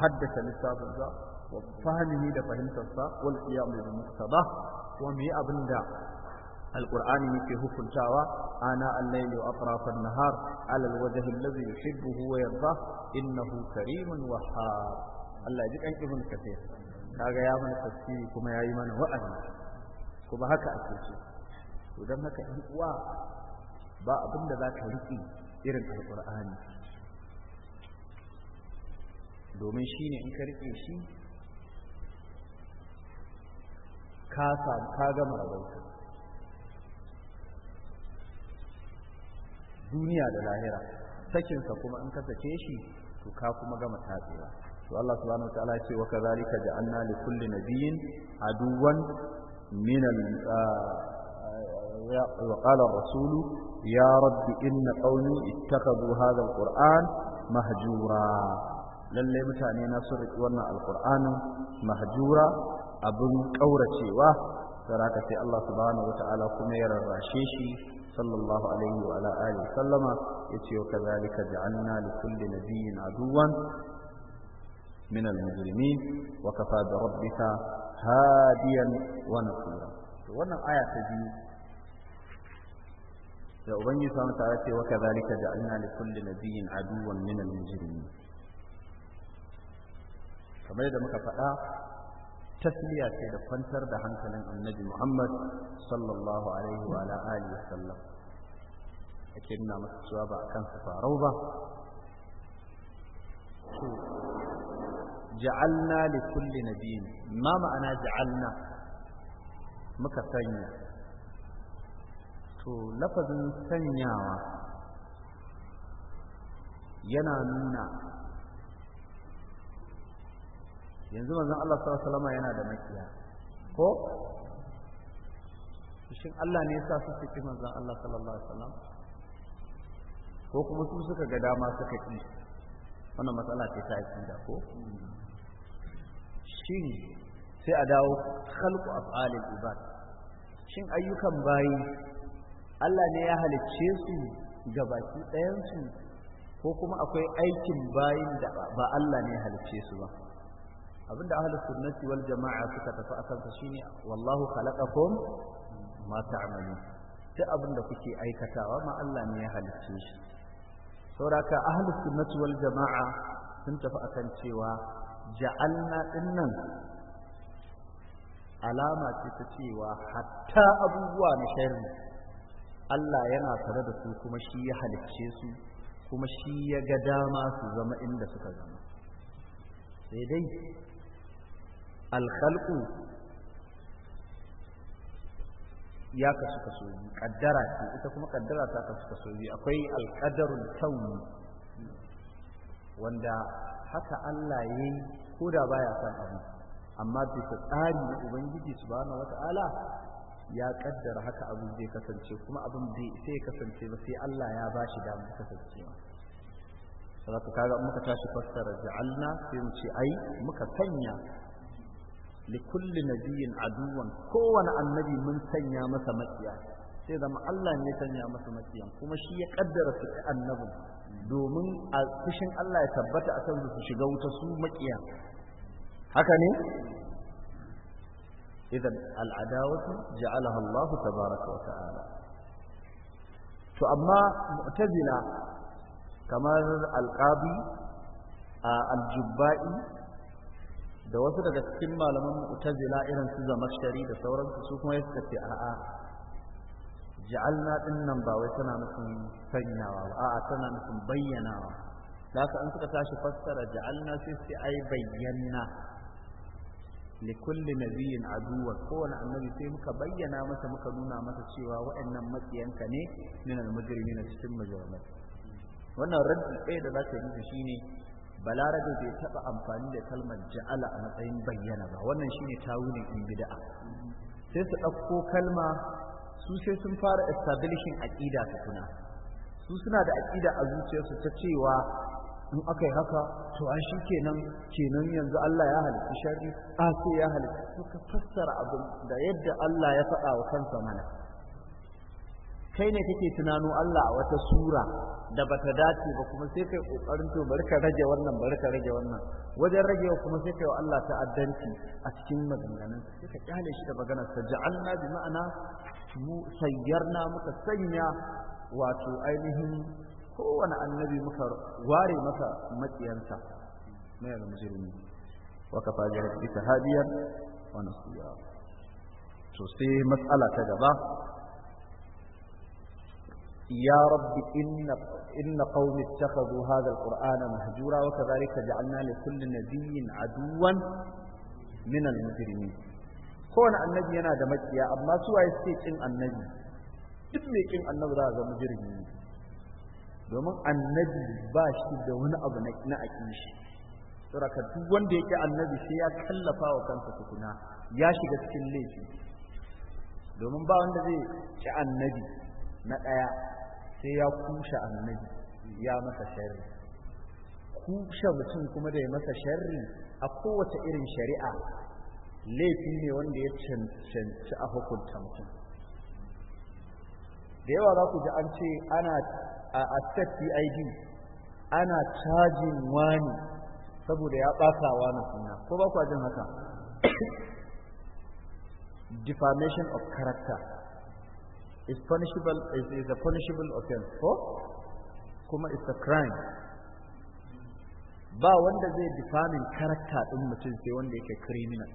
haddasa littafin sa wa fahimihi da fahimtar sa wal qiyam bi muqtada wa mu yi abin da القرآن يكي هفن تاوى آناء الليل وأطراف النهار على الوجه الذي يحبه ويرضاه إنه كريم وحار الله يجب أن يكون كثير kaga ya mana tafsiri kuma ya yi mana wa'azi ko ba haka ake ce to don haka in uwa ba abin da za ka riƙe irin alƙur'ani domin shi ne in ka riƙe shi ka samu ka gama rabauta duniya da lahira sakinsa kuma in ka sake shi to ka kuma gama tatsewa to Allah subhanahu wa ta'ala ce wa kadhalika ja'alna li kulli nabiyyin aduwan min al ah, wa qala ar-rasulu ya rabbi inna qaumi ittakhadhu hadha al-qur'an mahjura lalle mutane na sun riki wannan alqur'anin mahjura abun kauracewa saraka sai Allah subhanahu wa ta'ala kuma ya rarrashe shi sallallahu alaihi wa ala alihi sallama yace wa kadhalika ja'alna li kulli nabiyyin aduwan من المجرمين وكفى بربك هاديا ونصيرا wannan aya ta biyu da ubangiji sa ta ce wa kadhalika ja'alna li kulli nabiyyin aduwwan min al-mujrimin kamar da muka faɗa tasliya ce da kwantar da hankalin annabi Muhammad sallallahu alaihi wa ala alihi wasallam ake nuna masa cewa ba a kansa farau ba ja'alna li kulli nabiyyin ma ma'ana ja'alna muka sanya to lafazin sanyawa yana nuna yanzu manzon Allah sallallahu alaihi wasallam yana da makiya ko shin Allah ne yasa su saki manzon Allah sallallahu alaihi wasallam ko kuma su suka ga dama suka ki wannan matsala ce ta akida ko shine sai a dawo khalqu af'alil ibad shin ayyukan bayi Allah ne ya halicce su gabaki ɗayan su ko kuma akwai aikin bayin da ba Allah ne ya halicce su ba abinda ahli sunnati wal jama'a suka tafi akan sa shine wallahu khalaqakum ma ta'malun duk abinda kuke aikatawa ma Allah ne ya halicce shi ka ahli sunnati wal jama'a sun tafi akan cewa ja'alna dinnan alama ce ta cewa hatta abubuwa na sharri Allah yana tare da su kuma shi ya halicce su kuma shi ya ga dama su zama inda suka zama sai dai alkhalqu ya kasu kasu biyu kaddara ce ita kuma kaddara ta kasu kasu biyu akwai alqadarul tauni. wanda haka Allah ya yi ko da baya san abu amma bisa tsari na ubangiji subhanahu wata'ala ya kaddara haka abu zai kasance kuma abin bai sai kasance ba sai Allah ya ba shi damar kasancewa saboda kaga muka tashi fassara ja'alna sai mu ce ai muka sanya likulli nabiyin aduwan kowane annabi mun sanya masa makiya sai zama Allah ne ya sanya masa makiyan kuma shi ya kaddara su annabin domin a fushin Allah ya tabbata a su su shiga wuta su maƙiya. haka ne idan al'adawatu ja'ala Allah tabaraka wa ta'ala to amma mu'tazila kamar alqabi a jubbai da wasu daga cikin malaman mu'tazila irin su zamashkari da sauransu su kuma ya tafi a'a ja'alna din nan ba wai tana nufin sanyawa ba a'a tana nufin bayyanawa da haka in suka tashi fassara ja'alna sai sai ai bayyana likulli nabiyyin aduwa kowane annabi sai muka bayyana masa muka nuna masa cewa waɗannan matsiyanka ne min al-mujrimin cikin mujrimai wannan raddi ɗaya da zaka yi shine balarabe zai taɓa amfani da kalmar ja'ala a matsayin bayyana ba wannan shine tawilin in bid'a sai su ɗauko kalma su sai sun fara establishing aƙida tukuna su suna da aƙida a zuciyarsu ta cewa in aka yi haka to an shi kenan kenan yanzu Allah ya halitta shari a sai ya halitta suka fassara abin da yadda Allah ya faɗa wa kansa mana kai ne kake tunano Allah a wata sura da bata dace ba kuma sai kai kokarin to bari ka rage wannan bari ka rage wannan wajen ragewa kuma sai kaiwa Allah ta'addanci a cikin maganganun sai ka kyale shi da maganar sa ja'alna bi ma'ana mu sayyarna muka sanya wato ainihin kowane annabi muka ware masa matsiyansa mai al wa kafa jarabika hadiyan wa nasira to sai matsala ta gaba يا رب إن إن قوم اتخذوا هذا القرآن مهجورا وكذلك جعلنا لكل نبي عدوا من المجرمين كون النبي أنا دمت يا أما سوى يستيقن النبي تبني كن النبي هذا مجرمين domin annabi ba shi da wani abu na aƙi shi saboda duk wanda yake annabi sai ya kallafa wa kansa tukuna ya shiga cikin laifi domin ba wanda zai ci annabi na ɗaya sai ya kushe annabi ya masa sharri kushe mutum kuma da ya masa sharri a kowace irin shari'a laifi ne wanda ya cancanci a hukunta mutum da yawa za ku ji an ce ana a state ana cajin wani saboda ya ɓata wani suna ko ba ku jin haka [COUGHS] defamation of character is punishable is, is a punishable offense ko kuma it's a crime ba wanda zai define karakta din mutum sai wanda yake criminal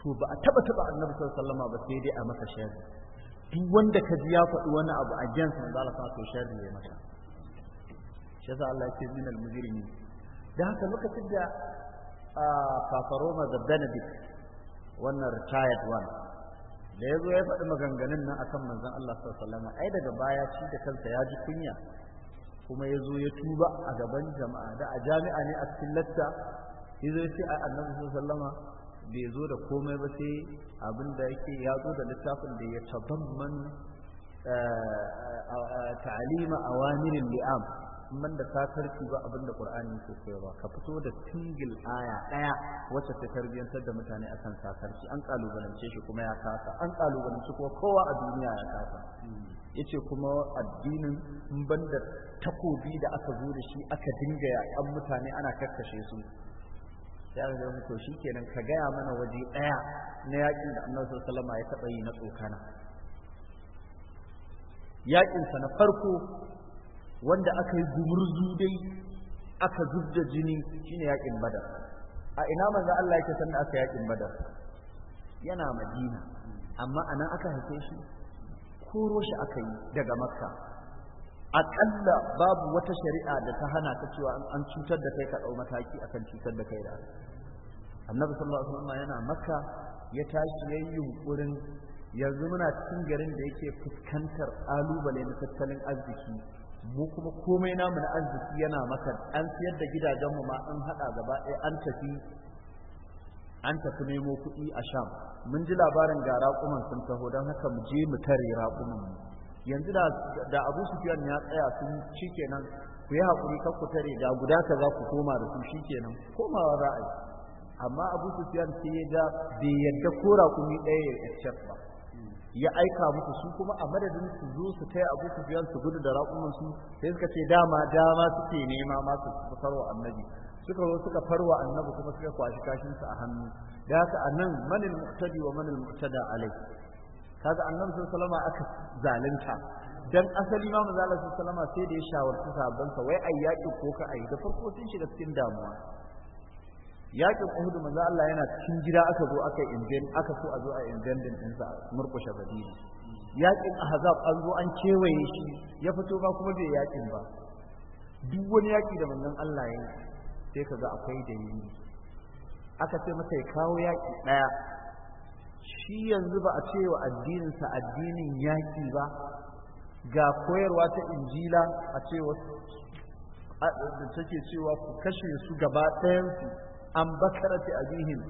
to ba a taba taba annabi sallallahu alaihi ba sai dai a masa sharri duk wanda ka ji ya faɗi wani abu a against manzo fa to sharri ya masa shi yasa Allah ya min al mujrimin da haka lokacin da a fafaroma da Benedict wannan retired one da ya zo ya faɗi maganganun nan akan manzon Allah sallallahu ai daga baya shi da kansa ya ji kunya kuma ya zo ya tuba a gaban jama'a da a jami'a ne a cikin latta ya zo ya ce annabi sallallahu bai zo da komai ba sai abin da yake ya zo da littafin da ya tabamman eh, eh, eh, ta'alima awamirin li'am man da ka tarki ba abin da qur'ani ke cewa ka fito da single aya daya wacce ta tarbiyantar da mutane akan sakarci an kalubalance shi kuma ya kasa an kalubalance kuma kowa a duniya ya kasa yace kuma addinin banda takobi da aka zo da shi aka dinga yakan mutane ana kakkashe su sai aka ga to shikenan ka gaya mana waje daya na yakin da Annabi sallallahu alaihi wasallam ya taba yi na tsokana yakin sa na farko wanda aka yi gumurzu dai aka zubda jini shine yakin badar a ina manzo Allah yake sanna aka yakin badar yana madina amma anan aka haife shi koro shi aka yi daga makka aƙalla babu wata shari'a da ta hana ta cewa an cutar da kai ka ɗau mataki akan cutar da kai da annabi sallallahu alaihi yana makka ya tashi ya yi yunkurin yanzu muna cikin garin da yake fuskantar ƙalubale na tattalin arziki mu kuma komai namu na arziki yana maka an siyar da gidajenmu ma an haɗa gaba ɗaya an tafi an tafi nemo kuɗi a sham mun ji labarin ga raƙuman sun taho don haka mu je mu tare raƙuman mu yanzu da abu sufiyan ya tsaya sun shi ku yi haƙuri kan ku tare ga guda ka za ku koma da su shi komawa za a yi amma abu sufiyan sai ya ga bai yadda ko raƙumi ɗaya ya ba ya aika musu su kuma a madadin su zo su kai abu su biyan su gudu da raƙumin su sai suka ce dama dama suke nema ma su farwa annabi suka zo suka farwa annabi kuma suka kwashi kashin su a hannu da haka anan manil mu'tadi wa manil mu'tada alai kaga annabi sallallahu alaihi aka zalunta dan asali ma manzo sallallahu alaihi sai da ya shawarci sahabban sa wai ayyaki ko ka ayi da farko sun shiga cikin damuwa yakin uhudu manzo Allah yana cikin gida aka zo aka injin aka so a zo a injin din sa murkushe Badina yakin Ahzab an zo an kewaye shi ya fito ba kuma bai yakin ba duk wani yaki da manzon Allah ya sai kaga akwai dalili aka ce masa ya kawo yaki daya shi yanzu ba a ce wa addininsa addinin yaki ba ga koyarwa ta injila a ce wasu take cewa ku kashe su gaba su an ta abihim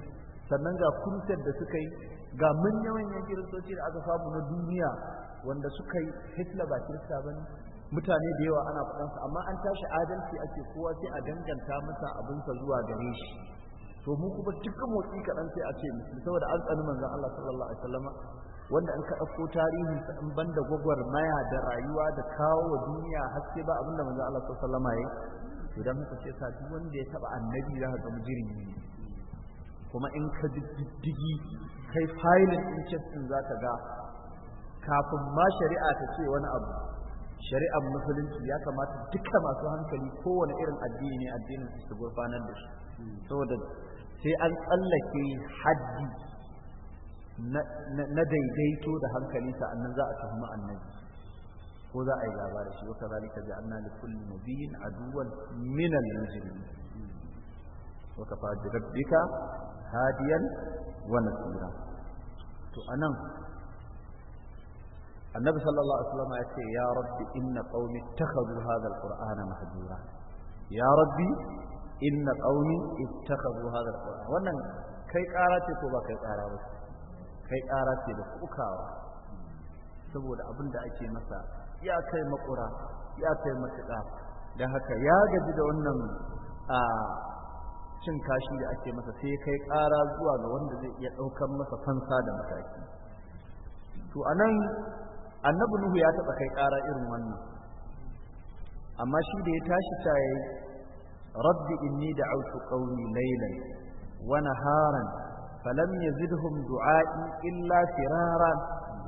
sannan ga kunsar da suka yi ga manyan kiristoci da aka samu na duniya wanda suka yi hitler ba kirista ba ne mutane da yawa ana faɗansa amma an tashi adalci ake kowa sai a danganta masa sa zuwa gare shi to mu kuma cikin motsi kaɗan sai a ce musu saboda an tsani manzon Allah sallallahu alaihi wasallam wanda an ka ɗauko tarihi sa in banda maya da rayuwa da kawo wa duniya haske ba abinda manzon Allah sallallahu alaihi wasallam idan dan haka sai sa duk wanda ya taba annabi za ka ga ne. kuma in ka diddigi kai filin din cikin za ka ga kafin ma shari'a ta ce wani abu shari'ar musulunci ya kamata duka masu hankali kowane irin addini ne addinin su gurfanar da shi saboda sai an tsallake haddi na daidaito da hankali sa'annan za a tuhumi annabi ko za a yi gaba da shi wa kazalika ja'alna li kulli nabiyyin aduwan min al-mujrimin wa kafa bi rabbika hadiyan wa nasira to anan annabi sallallahu alaihi wasallam ya ce ya rabbi inna qaumi ittakhadhu hadha al-qur'ana mahjura ya rabbi inna qaumi ittakhadhu hadha al-qur'ana wannan kai ƙara ce ko ba kai ƙara ba kai ƙara ce da kukawa saboda abin da ake masa ya kai makura ya kai matuƙa don haka ya gaji da wannan a cin kashi da ake masa sai kai ƙara zuwa ga wanda zai iya ɗaukar masa fansa da mataki to a nan annabi nuhu ya taɓa kai ƙara irin wannan amma shi da ya tashi ta rabbi inni da autu ƙauni lailan wa naharan falam yazidhum du'a'i illa firara.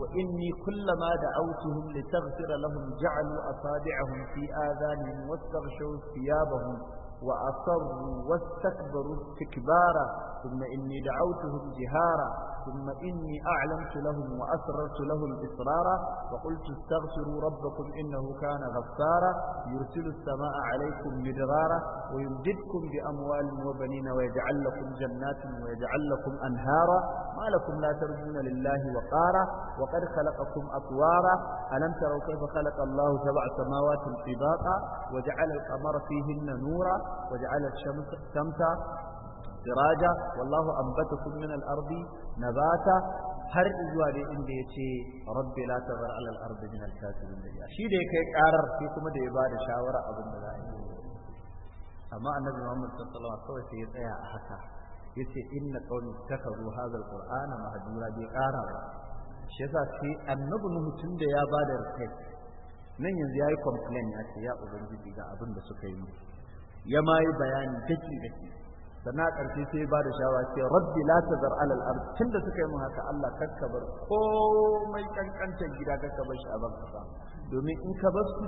وإني كلما دعوتهم لتغفر لهم جعلوا أصابعهم في آذانهم واستغشوا ثيابهم وأصروا واستكبروا استكبارا ثم إني دعوتهم جهارا ثم إني أعلمت لهم وأسررت لهم إسرارا وقلت استغفروا ربكم إنه كان غفارا يرسل السماء عليكم مدرارا ويمددكم بأموال وبنين ويجعل لكم جنات ويجعل لكم أنهارا ما لكم لا ترجون لله وقارا وقد خلقكم أطوارا ألم تروا كيف خلق الله سبع سماوات طباقا وجعل القمر فيهن نورا وجعل الشمس سمتا سراجا والله أنبتكم من الأرض نباتا har zuwa dai inda ya ce rabbi la tazar ala al-ardi min al-kafirin da shi da kai karar shi kuma da ya bada shawara abin da za a yi amma annabi Muhammad sallallahu alaihi wasallam kawai sai ya tsaya a haka yace inna qaumi takaru hadha al-qur'ana mahdura bi qara shi yasa sai annabi mutum da ya bada rikai nan yanzu yayi complain ya ce ya ubangiji ga abin da suka yi musu ya ma yi bayani daki daki sannan a ƙarshe sai ba da shawara ce rabbi la tazar alal ard tunda suka yi mun haka Allah kakka bar komai kankantar gida kakka bar shi a ban kasa domin in ka bar su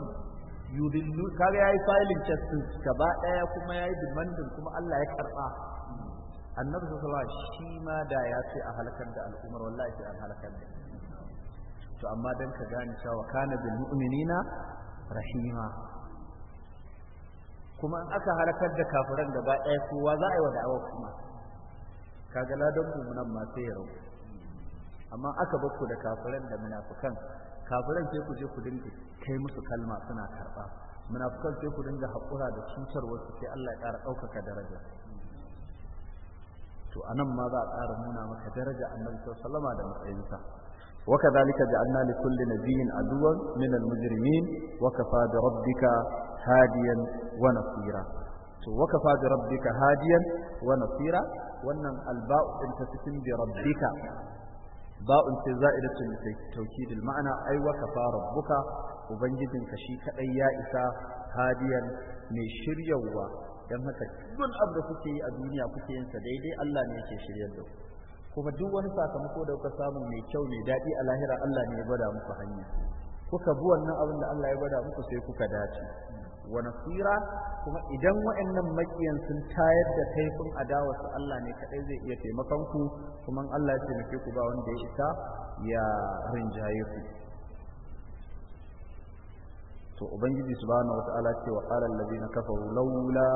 yudillu kaga yayi filin chastis gaba daya kuma yayi demanding kuma Allah ya karba annabi sallallahu alaihi shi ma da ya ce a halakar da al'umar wallahi sai an halakar da to amma dan ka gane cewa kana bil mu'minina rahima kuma an aka halakar da kafiran ba ɗaya kowa za a yi wa da'awa kuma kaga ladan mummunan ma sai ya rabu amma aka bar ku da kafiran da munafukan kafiran sai ku je ku dinga kai musu kalma suna karɓa munafukan sai ku dinga haƙura da cutarwar su sai Allah ya ƙara ɗaukaka daraja to anan ma za a ƙara nuna maka daraja annabi sallallahu alaihi wasallama da matsayinsa وكذلك جعلنا لكل نبي عدوا من المجرمين وكفى بربك هاديا ونصيرا وكفى بربك هاديا ونصيرا وان الباء انت تتم بربك باء زائدة لتوكيد المعنى أي وكفى ربك وبنجد كشيك أي إسا هاديا من شريوا dan haka duk abin da kuke yi a duniya kuke yin sa daidai Allah ne yake shiryar da ku kuma duk wani sakamako da kuka samu mai kyau mai daɗi a lahira Allah ne ya gwada muku hanya kuka bi wannan abin da Allah ya gwada muku sai kuka dace wa nasira kuma idan wa'annan makiyan sun tayar da kaifin adawa su Allah ne kadai zai iya taimakon ku kuma Allah ya taimake ku ba wanda ya isa ya rinjaye ku to ubangiji subhanahu wataala ce wa qala allazina kafaru laula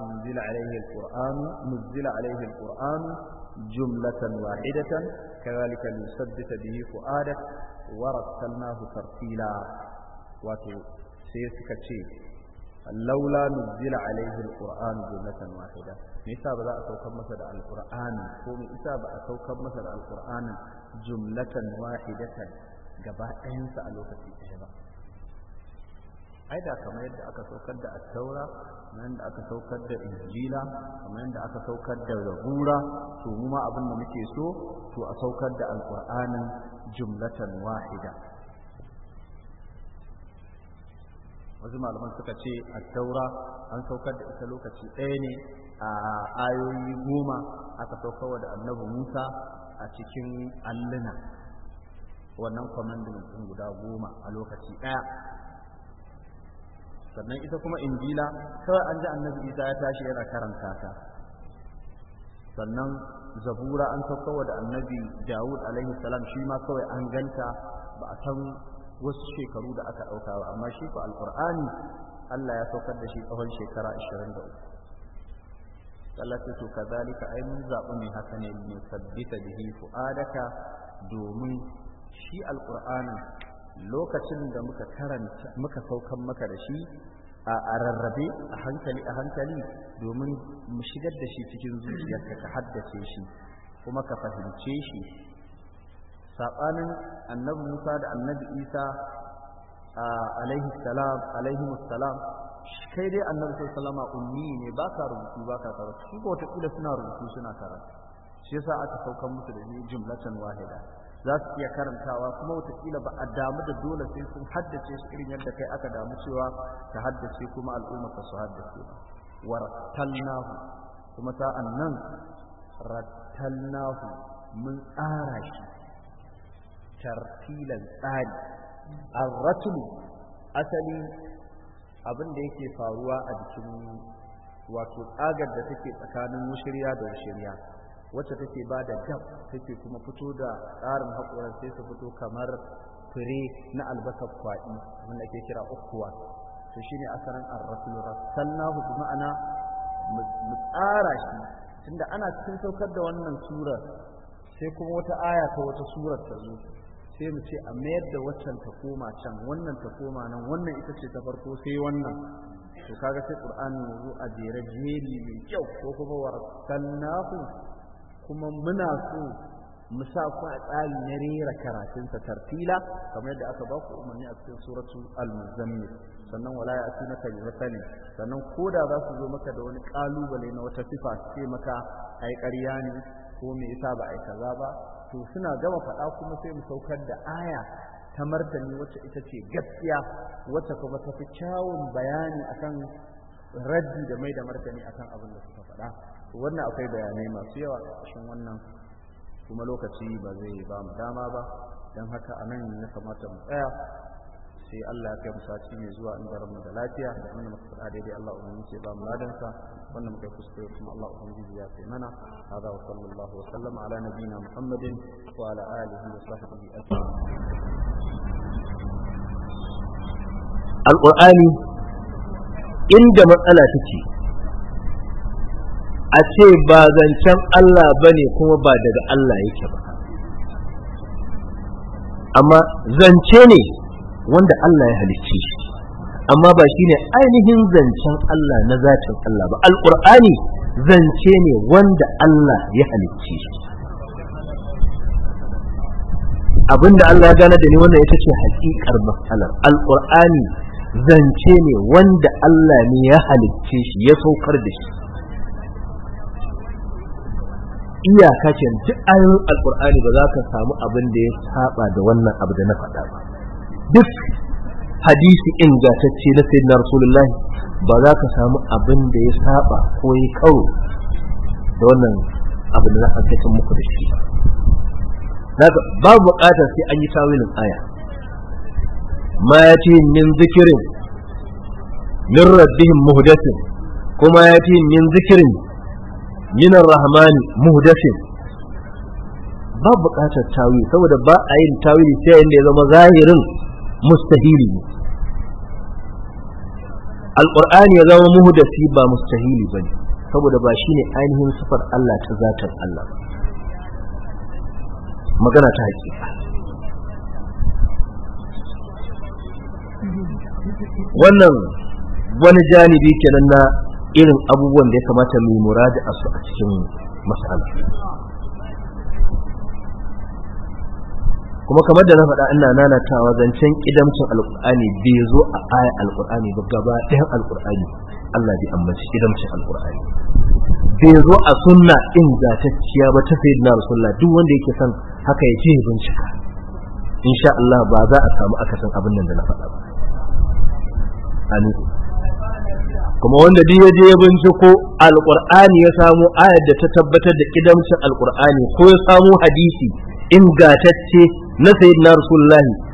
unzila alaihi alquranu unzila alaihi alquranu جملة واحدة كذلك لنثبت به فؤادك ورتلناه ترتيلا واتو سيسك تشي لولا نزل عليه القرآن جملة واحدة ميسا بدا أتوكب مثل القرآن قومي إسا أتوكب أتوكم مثل القرآن جملة واحدة قبائن سألوك في إهبا ai da kamar yadda aka saukar da attaura kamar yadda aka saukar da injila kamar yadda aka saukar da zabura to mu ma abin da muke so to a saukar da alqur'anin jumlatan wahida wasu malaman suka ce attaura an saukar da ita lokaci ɗaya ne a ayoyi goma aka saukarwa da annabi musa a cikin alluna wannan kwamandin guda goma a lokaci ɗaya sannan ita kuma injila kawai an ji annabi isa ya tashi yana karanta ta sannan zabura an saukowa da annabi dawud alaihi salam shi ma kawai an ganta ba a san wasu shekaru da aka ɗauka ba amma shi ko alƙur'ani allah ya saukar da shi tsawon shekara ashirin da uku Allah ta to kazalika ai mun zaɓi mai haka ne mai sabbita bihi adaka domin shi alƙur'ani lokacin da muka karanta muka saukan maka da shi a rarrabe a hankali a hankali domin mu shigar da shi cikin zuciyarka ka haddace shi kuma ka fahimce shi saɓanin annabi musa da annabi isa alaihi salam alaihi musalam kai dai annabi sai salama ummi ne ba ka rubutu ba ka karatu su ko wataƙila suna rubutu suna karatu shi yasa aka saukan musu da jumlatan wahida za su iya karantawa kuma watakila ba a damu da dole sai sun haddace shi irin yadda kai aka damu cewa ta haddace kuma al'umma ka su haddace ba kuma sa'an nan rattalnahu mun tsara shi tartilan tsari ratulu asali abin da yake faruwa a jikin wato tsagar da take tsakanin mushirya da mushirya. wacce take ba da gab take kuma fito da tsarin haƙoran sai su fito kamar fure na albasar kwaɗi wanda ake kira ukuwa to shine asarin ar-rasul rassalnahu bi ma'ana mu tsara shi tunda ana cikin saukar da wannan sura sai kuma wata aya ta wata surar ta zo sai mu ce a mayar da waccan ta koma can wannan ta koma nan wannan ita ce ta farko sai wannan to kaga sai qur'ani yanzu a jere jeri mai kyau ko kuma warsalnahu kuma muna so mu sa ku a tsari na rera karatun karatunsa tartila kamar yadda aka ba ku umarni a cikin suratu al-muzammil sannan wala ya atina ka wata ne sannan ko da za su zo maka da wani kalubale na wata sifa su ce maka ai ƙarya ne ko me yasa ba ai kaza ba to suna gama faɗa kuma sai mu saukar da aya ta martani wacce ita ce gaskiya wacce kuma ta fi kyawun bayani akan raddi da mai da martani akan abin da suka faɗa wannan akwai bayanai masu yawa cikin wannan kuma lokaci ba zai ba mu dama ba don haka a nan ya kamata mu tsaya sai Allah ya kai mu sati mai zuwa in bar mu da lafiya da annabi fada daidai Allah ubangi ce ba mu ladansa wannan muka kuskure kuma Allah ubangi ya kai mana hada wa sallallahu wa sallama ala nabiyina muhammadin wa ala alihi wa sahbihi ajma'in alqur'ani inda matsala take a ce ba zancen Allah ba ne kuma ba daga Allah yake ba amma zance ne wanda Allah ya halicci shi amma ba shi ne ainihin zancen Allah na zatin Allah ba alƙur'ani zance ne wanda Allah ya halicci shi abinda Allah ya gane da ni wannan ita ce haƙiƙar matsalar alƙur'ani zance ne wanda Allah ne ya halicce shi ya saukar da shi iyaka ce duk ayoyin alkur'ani ba za ka samu abin da ya saba da wannan abu da na faɗa ba duk hadisi ingantacce na sayyidina rasulullahi ba za ka samu abin da ya saba ko ya kawo da wannan abu da na faɗa muku da shi ba babu buƙatar sai an yi tawilin aya ma ya ce min zikirin min rabbihim muhdathin kuma ya ce min zikirin minar rahmani muhdasin ba buƙatar tawili saboda ba a yin tawili sai yadda ya zama zahirin mustahili ne alƙur'ani ya zama muhdasi ba mustahili ba ne saboda ba shi ne ainihin sifar Allah ta zatar Allah magana ta haƙiƙa wannan wani janibi kenan na irin abubuwan da ya kamata mai muradi a su a cikin mas'ala kuma kamar da na faɗa ina nanatawa zancen idamcin alƙur'ani bai zo a ayar alƙur'ani ba gaba ɗayan alƙur'ani Allah bai ambaci idamcin alƙur'ani bai zo a sunna zatacciya ba ta sayyidina rasulullah duk wanda yake son haka ya ce bincika insha Allah ba za a samu akasin abin nan da na faɗa ba kuma wanda duk yaje ya binciko alqur'ani ya samu ayar da ta tabbatar da kidamcin alqur'ani ko ya samu hadisi ingatacce na sayyidina rasulullahi